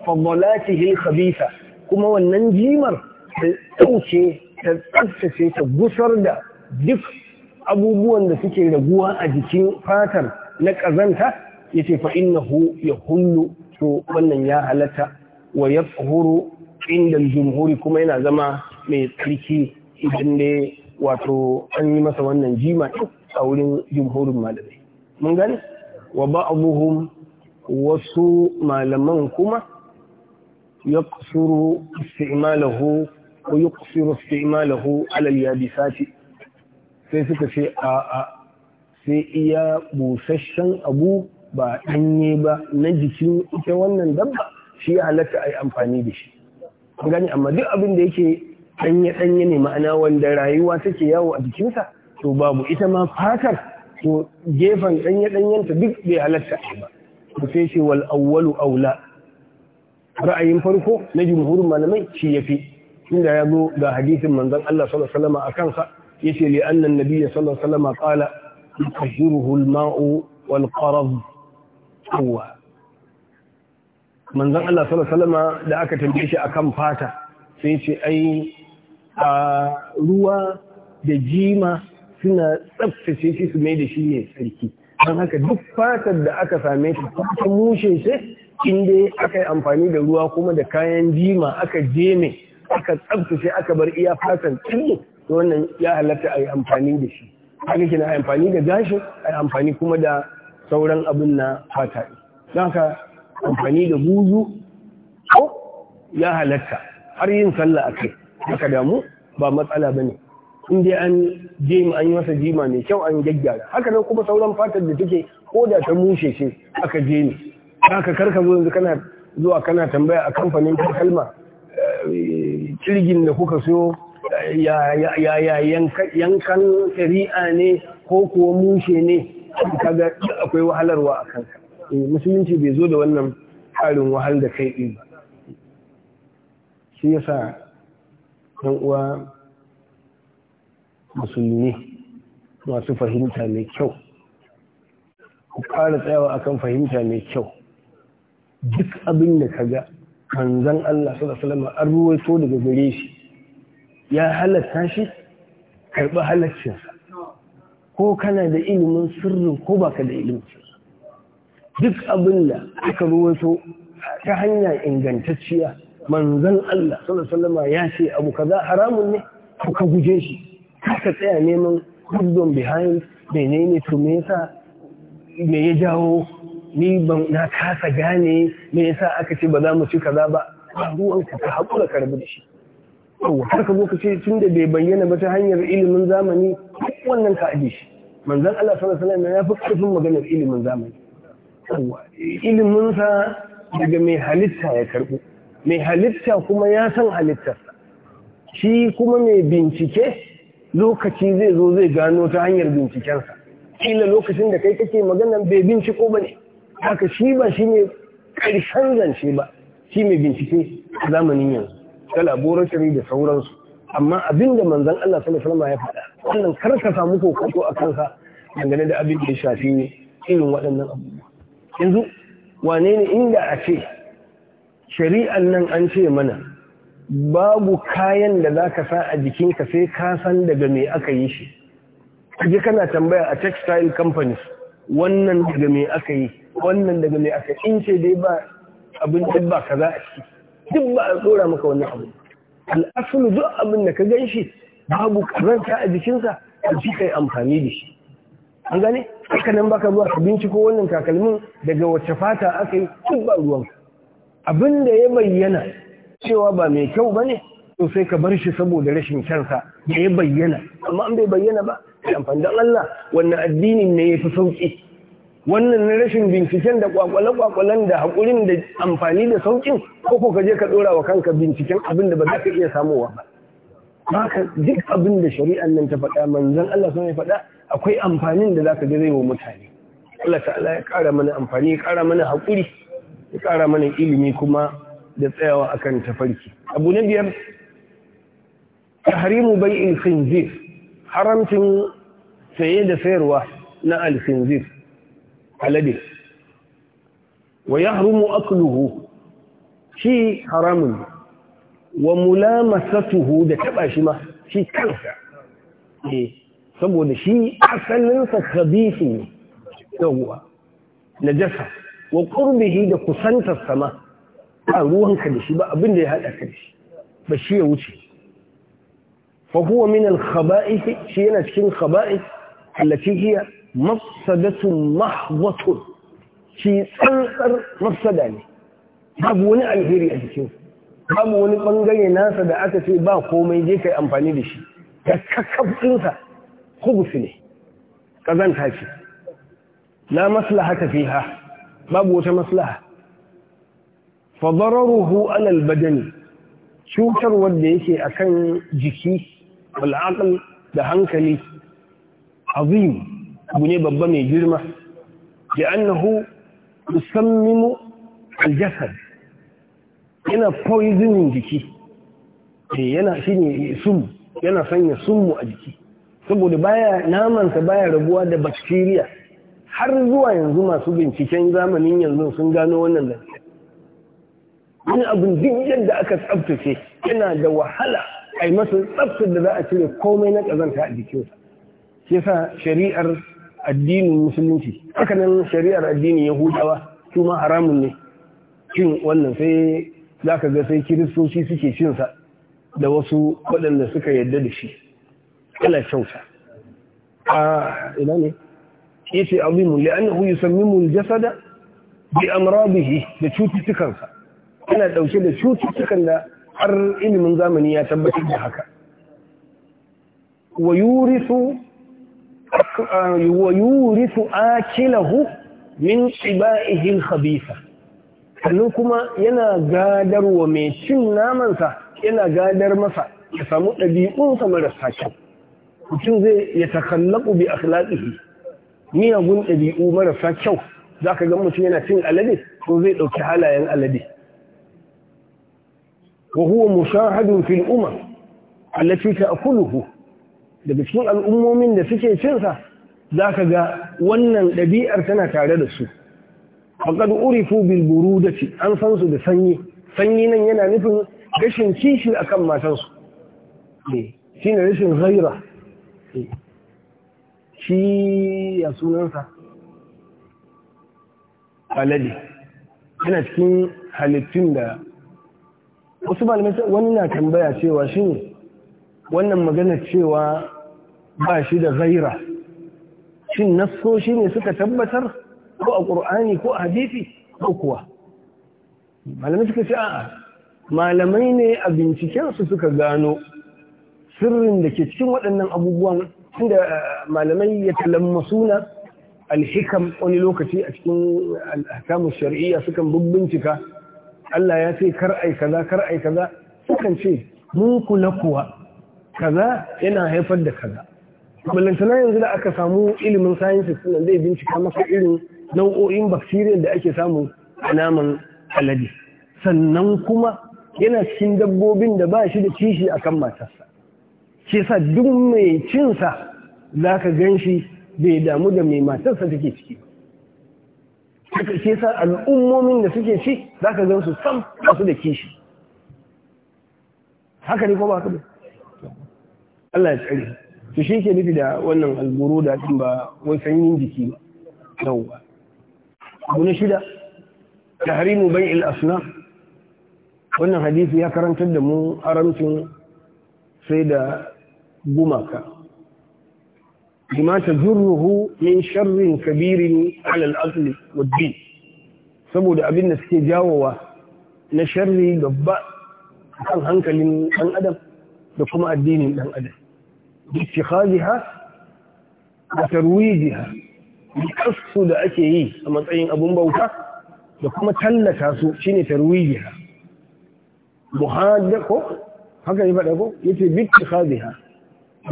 fadalatihi kuma wannan jimar ta dauke ta tsaftace ta gusar da duk abubuwan da suke raguwa a jikin fatar na kazanta Ya ce fa ya yahullu to wannan ya halatta wa yafhuru inda jumhuri kuma yana zama mai tsarki idan ne wato an yi masa wannan jima a wurin jumhurin malamai mun gani wa ba'dhum wasu malaman kuma yaqsuru isti'malahu ko alal isti'malahu ala al-yabisati sai suka ce a a sai iya busasshen abu ba ɗanye ba na jikin ita wannan dabba shi ya halatta a yi amfani da shi gani amma duk abin da yake ɗanye-ɗanye ne ma'ana wanda rayuwa take yawo a jikinsa to babu ita ma fatar to gefen ɗanye-ɗanyenta duk bai halatta a ba to sai ce wal awwalu aula ra'ayin farko na jumhurin malamai shi yafi inda ya zo ga hadisin manzon Allah sallallahu alaihi wasallam akan sa yace li anna an sallallahu alaihi wasallam qala yutahhiruhu al-ma'u wal qarad yawwa manzon Allah sallallahu alaihi wasallam da aka tambaye shi akan fata sai ce ai a ruwa da jima suna tsaftace shi su mai da shi ne sarki don haka duk fatar da aka same shi ta mushe shi inda aka yi amfani da ruwa kuma da kayan jima aka jeme aka tsaftace aka bar iya fatan tsillu to wannan ya halatta a yi amfani da shi haka kina amfani da gashi a yi amfani kuma da sauran abin na fata don haka amfani da buzu ko ya halatta har yin sallah a kai haka damu ba matsala ba ne in dai an jima an yi masa jima mai kyau an gyaggyara haka nan kuma sauran fatar da take ko da ta mushe ce aka je ne haka karka zo yanzu kana zuwa kana tambaya a kamfanin kalma eh, kirgin da kuka siyo ya yankan shari'a ne ko kuwa mushe ne kaga akwai wahalarwa a kanka eh, musulunci bai zo da wannan harin wahal da kai ɗin shi yasa ɗan uwa musulmi masu fahimta mai kyau ku ƙara tsayawa akan fahimta mai kyau duk abin da ka ga manzan Allah sallallahu alaihi an ruwaito daga gare shi ya halatta shi karɓi halaccinsa ko kana da ilimin sirrin ko baka da ilimin sirrin duk abin da aka ruwaso ta hanya ingantacciya manzan Allah sallallahu ya ce abu kaza haramun ne ko ka guje shi ka tsaya neman wisdom behind menene to me yasa me ya jawo ni ban na kasa gane me yasa aka ce ba za mu ci kaza ba ruwan ka ta ka rabu da shi har ka zo ka ce tun da bai bayyana ba ta hanyar ilimin zamani wannan ka aje shi manzon Allah sallallahu alaihi wasallam ya fi karfin maganar ilimin zamani ilimin sa daga mai halitta ya karɓo. mai halitta kuma ya san halittarsa shi kuma mai bincike lokaci zai zo zai gano ta hanyar bincikensa kila lokacin da kai kake maganar bai binciko ba ne haka shi ba shine ne zance ba shi mai bincike zamanin yanzu da laboratory da sauransu amma abin da manzan Allah sallallahu alaihi ya faɗa wannan kar ka samu kokoto a kansa dangane da abin da ya shafi irin waɗannan abubuwa yanzu wane ne inda a ce shari'an nan an ce mana babu kayan da za ka sa a jikinka sai ka san daga me aka yi shi kaje kana tambaya a textile companies wannan daga me aka yi wannan daga me aka yi? in ce dai ba abin da ba kaza a ciki duk ba a tsora maka wannan abu al'asulu duk abin da ka gan shi babu karanta a jikinsa a ji kai amfani da shi an gane haka nan baka zuwa ka binciko wannan takalmin daga wacce fata aka yi duk ba ruwan abin da ya bayyana cewa ba mai kyau ba ne to sai ka bar shi saboda rashin kyansa da ya bayyana amma an bai bayyana ba amfani da Allah wannan addinin ne ya fi sauƙi wannan na rashin binciken da kwakwale-kwakwalen da haƙurin da amfani da sauƙin ko ka je ka ɗora wa kanka binciken abin da ba za ka iya samuwa ba haka duk abin da shari'an nan ta faɗa manzan Allah sun faɗa akwai amfanin da za ka ga zai wa mutane Allah ta'ala ya ƙara mana amfani ya ƙara mana haƙuri ya ƙara mana ilimi kuma da tsayawa akan tafarki abu na biyar tahrimu bai'il khinzir haramcin saye da sayarwa na al-khinzir alade wa yahrumu akluhu shi haramun wa mulamasatuhu da taba shi ma shi kansa eh saboda shi asalinsa khabisi ne Na najasa wa qurbihi da kusantar sama ba ruwanka da shi ba abin da ya hada ka da shi ba shi ya wuce fa huwa min al khaba'ith shi yana cikin khaba'ith allati hiya mafsadatun mahwatun shi tsantsar mafsada ne babu wani alheri a cikin babu wani bangare nasa da aka ce ba komai je kai amfani da shi da kakkafinsa hubusu ne ƙazanta ce na maslaha ta ha. babu wata maslaha fadararuhu alal badani cutar wanda yake akan jiki wal'aqal da hankali azim abu ne babba mai girma da annahu musammimu aljasad yana poisoning jiki yana shine sum yana sanya sumu a jiki saboda baya namansa baya rabuwa da bacteria har zuwa yanzu masu binciken zamanin yanzu sun gano wannan da wani abin duk yadda aka tsaftace yana da wahala ai masa tsabtar da za a cire komai na ƙazanta a jikinsa shi sa shari'ar addinin musulunci hakanan shari'ar addinin yahudawa su ma haramun ne cin wannan sai za ka ga sai kiristoci suke cinsa da wasu waɗanda suka yarda da shi ala kyauta a ina ne ya ce azimun li'annahu yusammimu jasada bi amradihi da cututtukansa yana ɗauke da cututtukan da har ilimin zamani ya tabbatar da haka wa yurisu wa yurisu akilahu min ibaihi al sannan kuma yana gadarwa mai cin namansa yana gadar masa ya samu ɗabi'unsa marasa kyau mutum zai ya takallaku bi akhlaqihi miyagun ɗabi'u marasa kyau zaka ga mutum yana cin alade ko zai ɗauki halayen alade wa huwa mushahadun fil umam allati ta'kuluhu daga cikin al'ummomin da suke cinsa za ka ga wannan ɗabi'ar tana tare da su faƙad urifu da ce, an san su da sanyi sanyi nan yana nufin rashin kishi kan matansu eh, shi ne rashin zaira eh, shi ya sunansa alade yana cikin halittun da wasu malamai wani na tambaya cewa shi ne wannan magana cewa ba shi da zaira shin nassoshi ne suka tabbatar ko a ƙur'ani ko a hadisi ko kuwa malamai suka ce a'a malamai ne a bincikensu suka gano sirrin da ke cikin waɗannan abubuwan inda eh, malamai ya talammasuuna alhikam wani lokaci a cikin al'akamu shari'iyya sukan bincika? Allah ya ce kar ai kaza kar ai kaza sukan ce mun kula kuwa kaza yana haifar da kaza ballantana yanzu da aka samu ilimin sciences suna zai bincika maka irin nau'o'in bacteria da ake samu a naman alade sannan kuma yana cikin dabbobin da ba shi da kishi a kan matarsa ke sa duk mai cinsa za ka gan shi bai damu da mai matarsa take ciki ba ke sa al'ummomin da suke ci za ka gan su sam masu da kishi haka ne kuma haka ba Allah ya tsare to shi ke nufi da wannan alburu da ɗin ba wai sanyin jiki ba yawwa shida, na shida bai il wannan hadisi ya karantar da mu haramcin sai da gumaka bima zurruhu min sharrin kabirin alal al-asli saboda abin da suke jawowa na sharri gaba kan hankalin dan adam da kuma addinin dan adam باتخاذها وترويجها kasu da ake yi a matsayin abun bauta da kuma tallata su shine tarwijiha ko haka ne faɗa ko yace bittikhadiha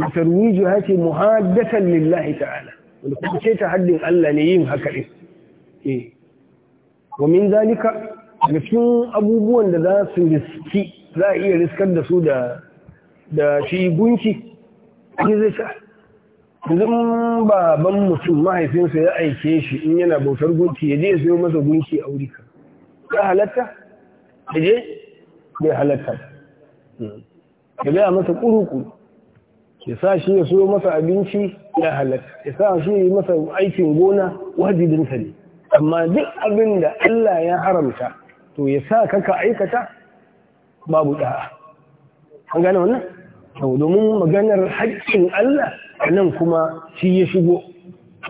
da tarwiji ha ce muhaddatan lillahi ta'ala wanda kuma ce ta haddin Allah ne yin haka din eh wa min zalika da cikin abubuwan da za su riski za a iya riskar da su da da shi gunki ni zai sha baban mutum mahaifinsa ya aike shi in yana bautar gunki ya je ya sayo masa gunki a wuri ya halatta ya je ya halatta ya gaya masa kuru-kuru ya sa shi ya sayo masa abinci ya halatta ya sa shi ya yi masa aikin gona wajibinsa ne amma duk abin da Allah ya haramta to ya sa kaka aikata babu da'a an gane wannan sau domin maganar haƙƙin Allah nan kuma shi ya shigo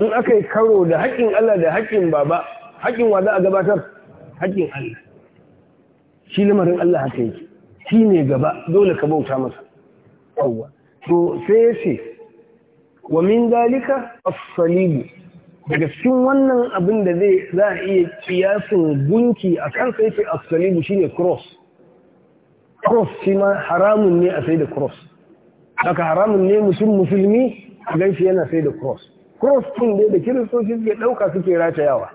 in aka yi karo da haƙƙin Allah da haƙƙin baba haƙƙin wa za a gabatar haƙƙin Allah shi lamarin Allah haka yake shi ne gaba dole ka bauta masa yawwa to sai ya ce wa min dalika as daga cikin wannan abin da zai za a iya kiyasin gunki a kan sai ce as-salibu shine cross cross shi ma haramun ne a sai da cross haka haramun ne musulmi musulmi gan shi yana sai da cross cross tun dai da kiristoci suke ɗauka suke ratayawa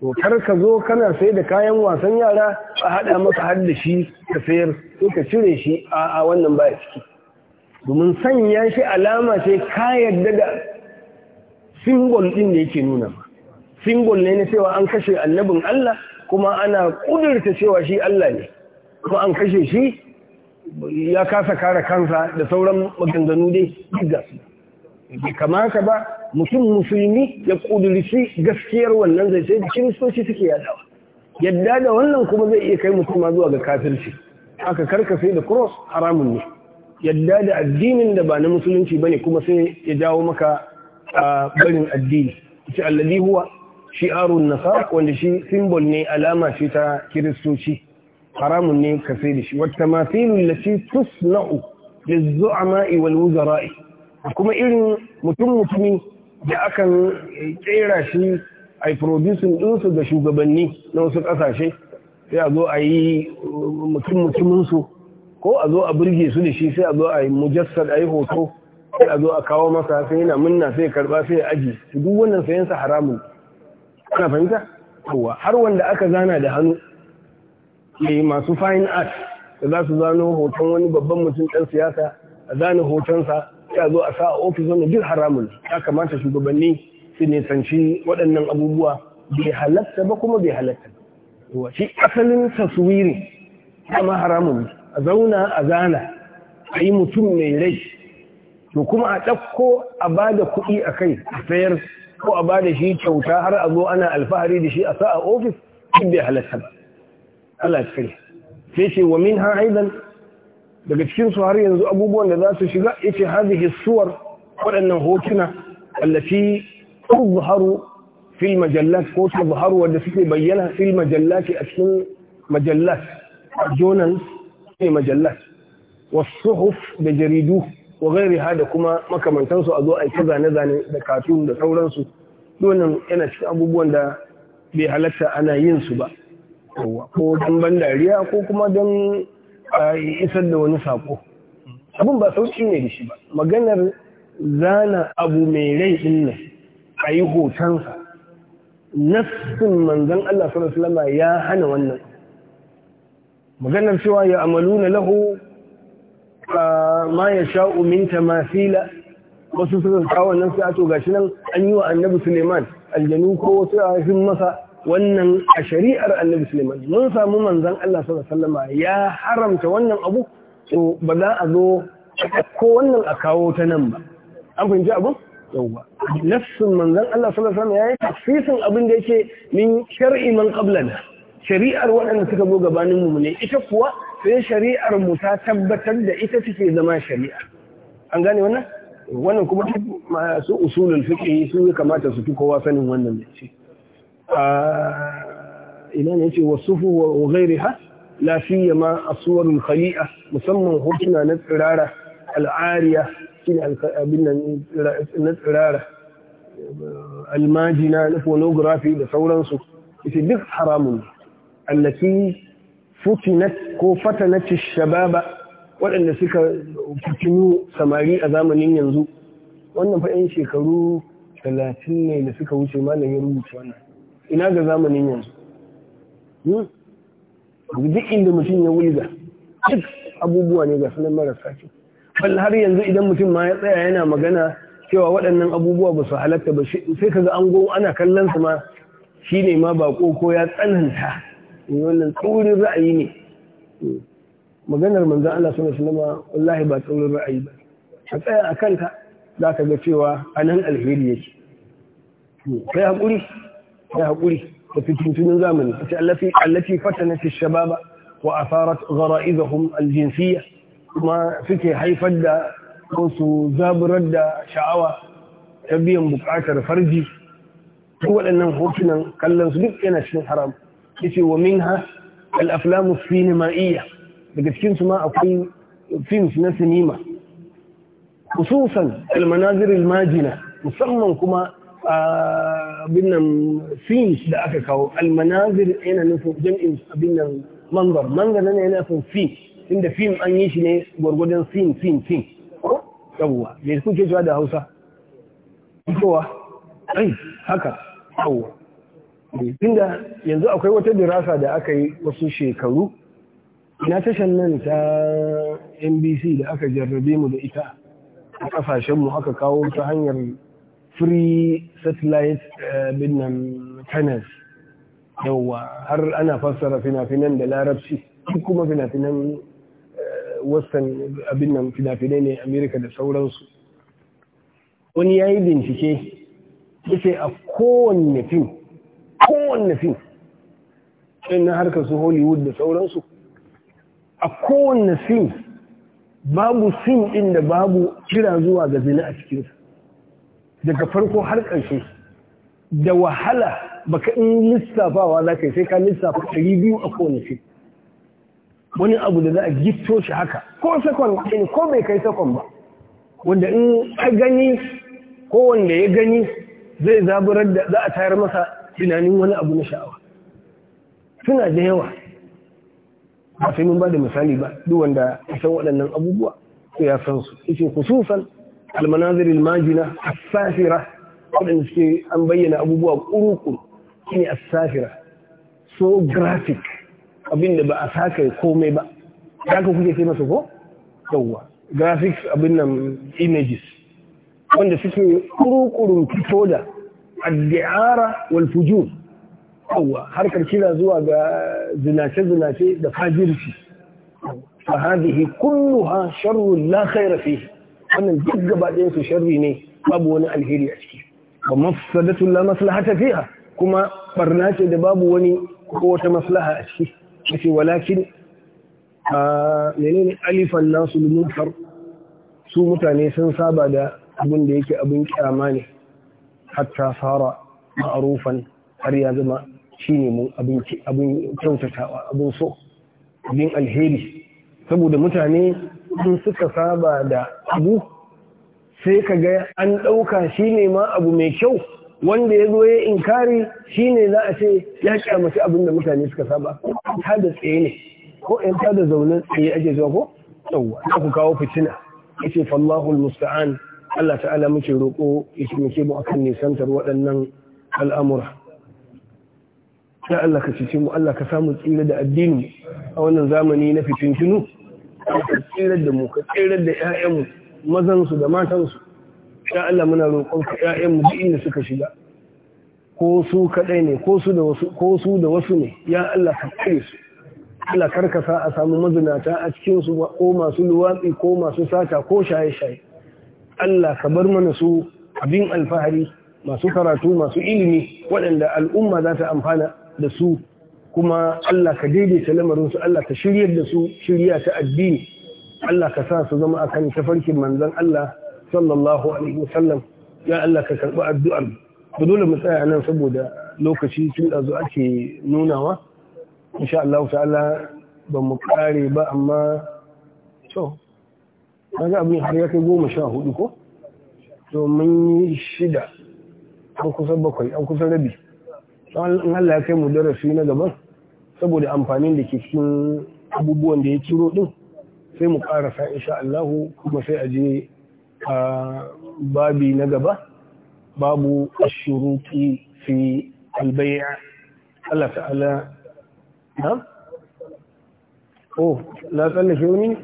to ka zo kana sai da kayan wasan yara a haɗa masa har da shi ka sayar sai ka cire shi a wannan baya ciki domin sanya shi alama ce ka yarda da symbol ɗin da yake nuna ma symbol ne na cewa an kashe annabin Allah kuma ana ƙudurta cewa shi Allah ne kuma an kashe shi ya kasa kare kansa da sauran maganganu dai duk su bai kamata ba mutum musulmi ya kudurci gaskiyar wannan zai sai da kiristoci suke yadawa yadda da wannan kuma zai iya kai mutum ma zuwa ga kafirci aka karkasai da cross haramun ne yadda da addinin da ba na musulunci bane kuma sai ya jawo maka a barin addini shi alladhi huwa shi'arun nasar wanda shi simbol ne alama ce ta kiristoci haramun ne ka sai da shi wata masilun lati tusna'u lizu'ama'i wal wuzara'i kuma irin mutum mutumi da akan kera shi a producing ɗinsu ga shugabanni na wasu kasashe sai a zo a yi mutum mutuminsu ko a zo a burge su da shi sai a zo a yi mujassar a yi hoto sai a zo a kawo masa sai yana munna sai karba sai aji su duk wannan sayansa haramun kana fahimta har wanda aka zana da hannu ke masu fine art da za su zano hoton wani babban mutum ɗan siyasa a zane hotonsa ya zo a sa ofis wani duk haramun ya kamata shugabanni su nisanci waɗannan abubuwa bai halatta ba kuma bai halatta ba shi asalin taswiri dama haramun a zauna a zana a yi mutum mai rai to kuma a ɗauko a ba da kuɗi a kai a sayar ko a ba da shi kyauta har a zo ana alfahari da shi a sa a ofis duk bai halatta ba Allah ya tsare sai ce wa minha aidan daga cikin su har yanzu abubuwan da za su shiga yace hadhihi suwar waɗannan hotuna allati tuzharu fil majallat ko tuzharu wanda suke bayyana fil majallati a cikin majallat journals ne majallat suhuf da jaridu wa gairiha da kuma makamantansu a zo a ta zane-zane da katun da sauransu donan yana cikin abubuwan da bai halatta ana yin su ba ko don ban dariya ko kuma don isar da wani sako abin ba sauki ne da shi ba maganar zana abu mai rai din nan a yi hotonsa nassin manzan Allah sallallahu ya hana wannan maganar cewa ya amalu amaluna lahu ma ya sha'u min tamasila wasu suka kawo nan sai a to gashi nan an yi wa annabi Suleiman aljanu ko wasu a masa wannan a shari'ar annabi Suleiman mun samu manzon Allah sallallahu alaihi ya haramta wannan abu to ba za a zo ko wannan a kawo ta nan ba an fahimci abu yawwa nassin manzon Allah sallallahu alaihi wasallam yayi tafsirin abin da yake min shar'i man qablana shari'ar waɗanda suka zo gabanin mu ne ita kuwa sai shari'ar mu ta tabbatar da ita take zama shari'a an gane wannan wannan kuma masu usulul fiqh su kamata su fi kowa sanin wannan ne ina ne ce wasufu wa ghairiha la ma aswar khali'a musamman hotuna na tsirara al'ariya shine abin nan na tsirara almajina na phonography da sauransu ita duk haramun allati futinat ko fatanat shababa waɗanda suka fitinu samari a zamanin yanzu wannan fa'in shekaru talatin ne da suka wuce malamin ya rubuta wannan ina ga zamanin yanzu hmm? duk inda mutum ya wulga duk abubuwa ne ga sunan marasa ce. wanda har yanzu idan mutum ma ya tsaya yana magana cewa waɗannan abubuwa ba su halatta ba sai kaga an go ana kallon su ma shi ne ma bako ko ya tsananta eh, wannan tsaurin ra'ayi ne hmm. maganar manzan Allah suna alaihi wallahi ba tsaurin ra'ayi ba a tsaya a kanta za ka ga cewa anan alheri yake sai hmm. hakuri يا هقولي وفي تنتين زامن التي التي فتنت الشباب وأثارت غرائزهم الجنسية ما فيكي هاي فدا كنسو زاب رد شعوة تبين بكاتر فرجي هو لأنهم خوشنا كلنس بك أنا شنو حرام يسي ومنها الأفلام السينمائية لقد كنت ما أقول فيلم في سينما خصوصا المناظر الماجنة مصمم abin nan da aka kawo almanazir yana nufin jam'in abin nan manzar manzar nan yana nufin fi inda fim an yi shi ne gwargwadon fin fin fin yawwa me kuke cewa da hausa kowa ai haka yawwa inda yanzu akwai wata dirasa da aka yi wasu shekaru ina tashan nan ta NBC da aka jarrabe mu da ita a kasashen aka kawo ta hanyar free satellite eh, bin nan channels har ana fassara fina-finan da larabci kuma fina-finan eh, western abin nan fina-finai ne amerika da sauransu wani ya yi bincike ya ce a kowanne fim kowanne fim ɗin na harkar su hollywood da sauransu a kowanne fim babu fim ɗin da babu kira zuwa ga zina a cikinsa daga farko har ƙarshe da wahala baka in lissafawa za ka yi sai ka lissafa ɗari biyu a kowane shi wani abu da za a gifto shi haka ko sakon ɗin ko bai kai sakon ba wanda in ka gani ko wanda ya gani zai zaburar da za a tayar masa tunanin wani abu na sha'awa suna da yawa ba sai mun ba da misali ba duk wanda san waɗannan abubuwa ko ya san su yake kususan almanazir almajina as-safira wadanda suke an bayyana abubuwa kurukuru shine as-safira so graphic abinda ba a saka komai ba haka kuke ce masa ko yawwa graphics abin images wanda suke kurukurun fito da addi'ara wal fujur yawwa harkar kira zuwa ga zinace-zinace da fajirci fa hadhihi kulluha sharrun la khayra fihi wannan duk gaba ɗayan su sharri ne babu wani alheri a ciki wa mafsadatu la maslahata fiha kuma barna ce da babu wani ko wata maslaha a ciki kace walakin a menene alifan nasu munkar su mutane sun saba da abin da yake abin kyama ne hatta fara ma'arufan har ya zama shine mun abin abin kyautatawa abin so abin alheri saboda mutane in suka saba da abu sai ka ga an ɗauka shi ne ma abu mai kyau wanda ya zo ya inkari shi ne za a ce ya kyamaci abin da mutane suka saba ta da tsaye ne ko in ta da tsaye ake zuwa ko yawwa za ku kawo fitina ce fallahu musta'an Allah ta'ala muke roƙo ya muke mu akan nisantar waɗannan al'amura ya Allah ka cice mu Allah ka samu tsira da addini a wannan zamani na fitintunu ka tsirar da mu ka tsirar da ƴaƴanmu mazansu da matansu ya Allah muna roƙon ka ƴaƴanmu duk inda suka shiga ko su kaɗai ne ko su da wasu ne ya Allah ka tsare su Allah karkasa a samu mazinata a cikin ko masu luwaɗi ko masu sata ko shaye-shaye Allah ka bar mana su abin alfahari masu karatu masu ilimi waɗanda al'umma za ta amfana da su kuma Allah ka daidaita lamarin su Allah ka shiryar da su shirya ta addini Allah ka sa su zama akan tafarkin manzon Allah sallallahu alaihi wasallam ya Allah ka karbi addu'ar Da dole mu tsaya nan saboda lokaci tun da zo ake nunawa insha Allah ta'ala ba mu kare ba amma to kaga abin har ya kai goma sha hudu ko to mun yi shida an kusa bakwai an kusa rabi in Allah ya kai mu darasi na gaban saboda amfanin da ke cikin abubuwan da ya ciro din sai mu karasa insha Allahu kuma sai a je a babi na gaba babu ashuruki fi albaya. Allah ta'ala ha oh na tsallake wani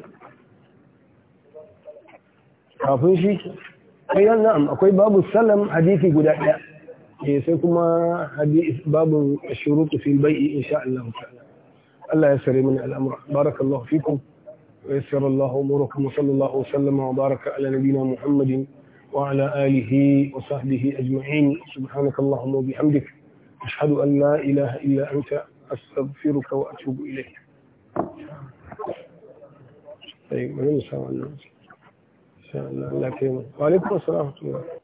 kafin shi kai na'am akwai babu salam hadisi guda ɗaya sai kuma hadis babu shurutu fil bai'i insha Allah ta'ala Allah ya sare mana al'amura barakallahu fikum wa yassara Allah umurukum sallallahu sallama wa baraka ala nabiyyina Muhammadin wa ala alihi wa sahbihi ajma'in subhanakallahumma wa bihamdik ashhadu an la ilaha illa anta astaghfiruka wa atubu ilayk طيب من ان شاء الله ان شاء الله لا كريم وعليكم السلام ورحمه الله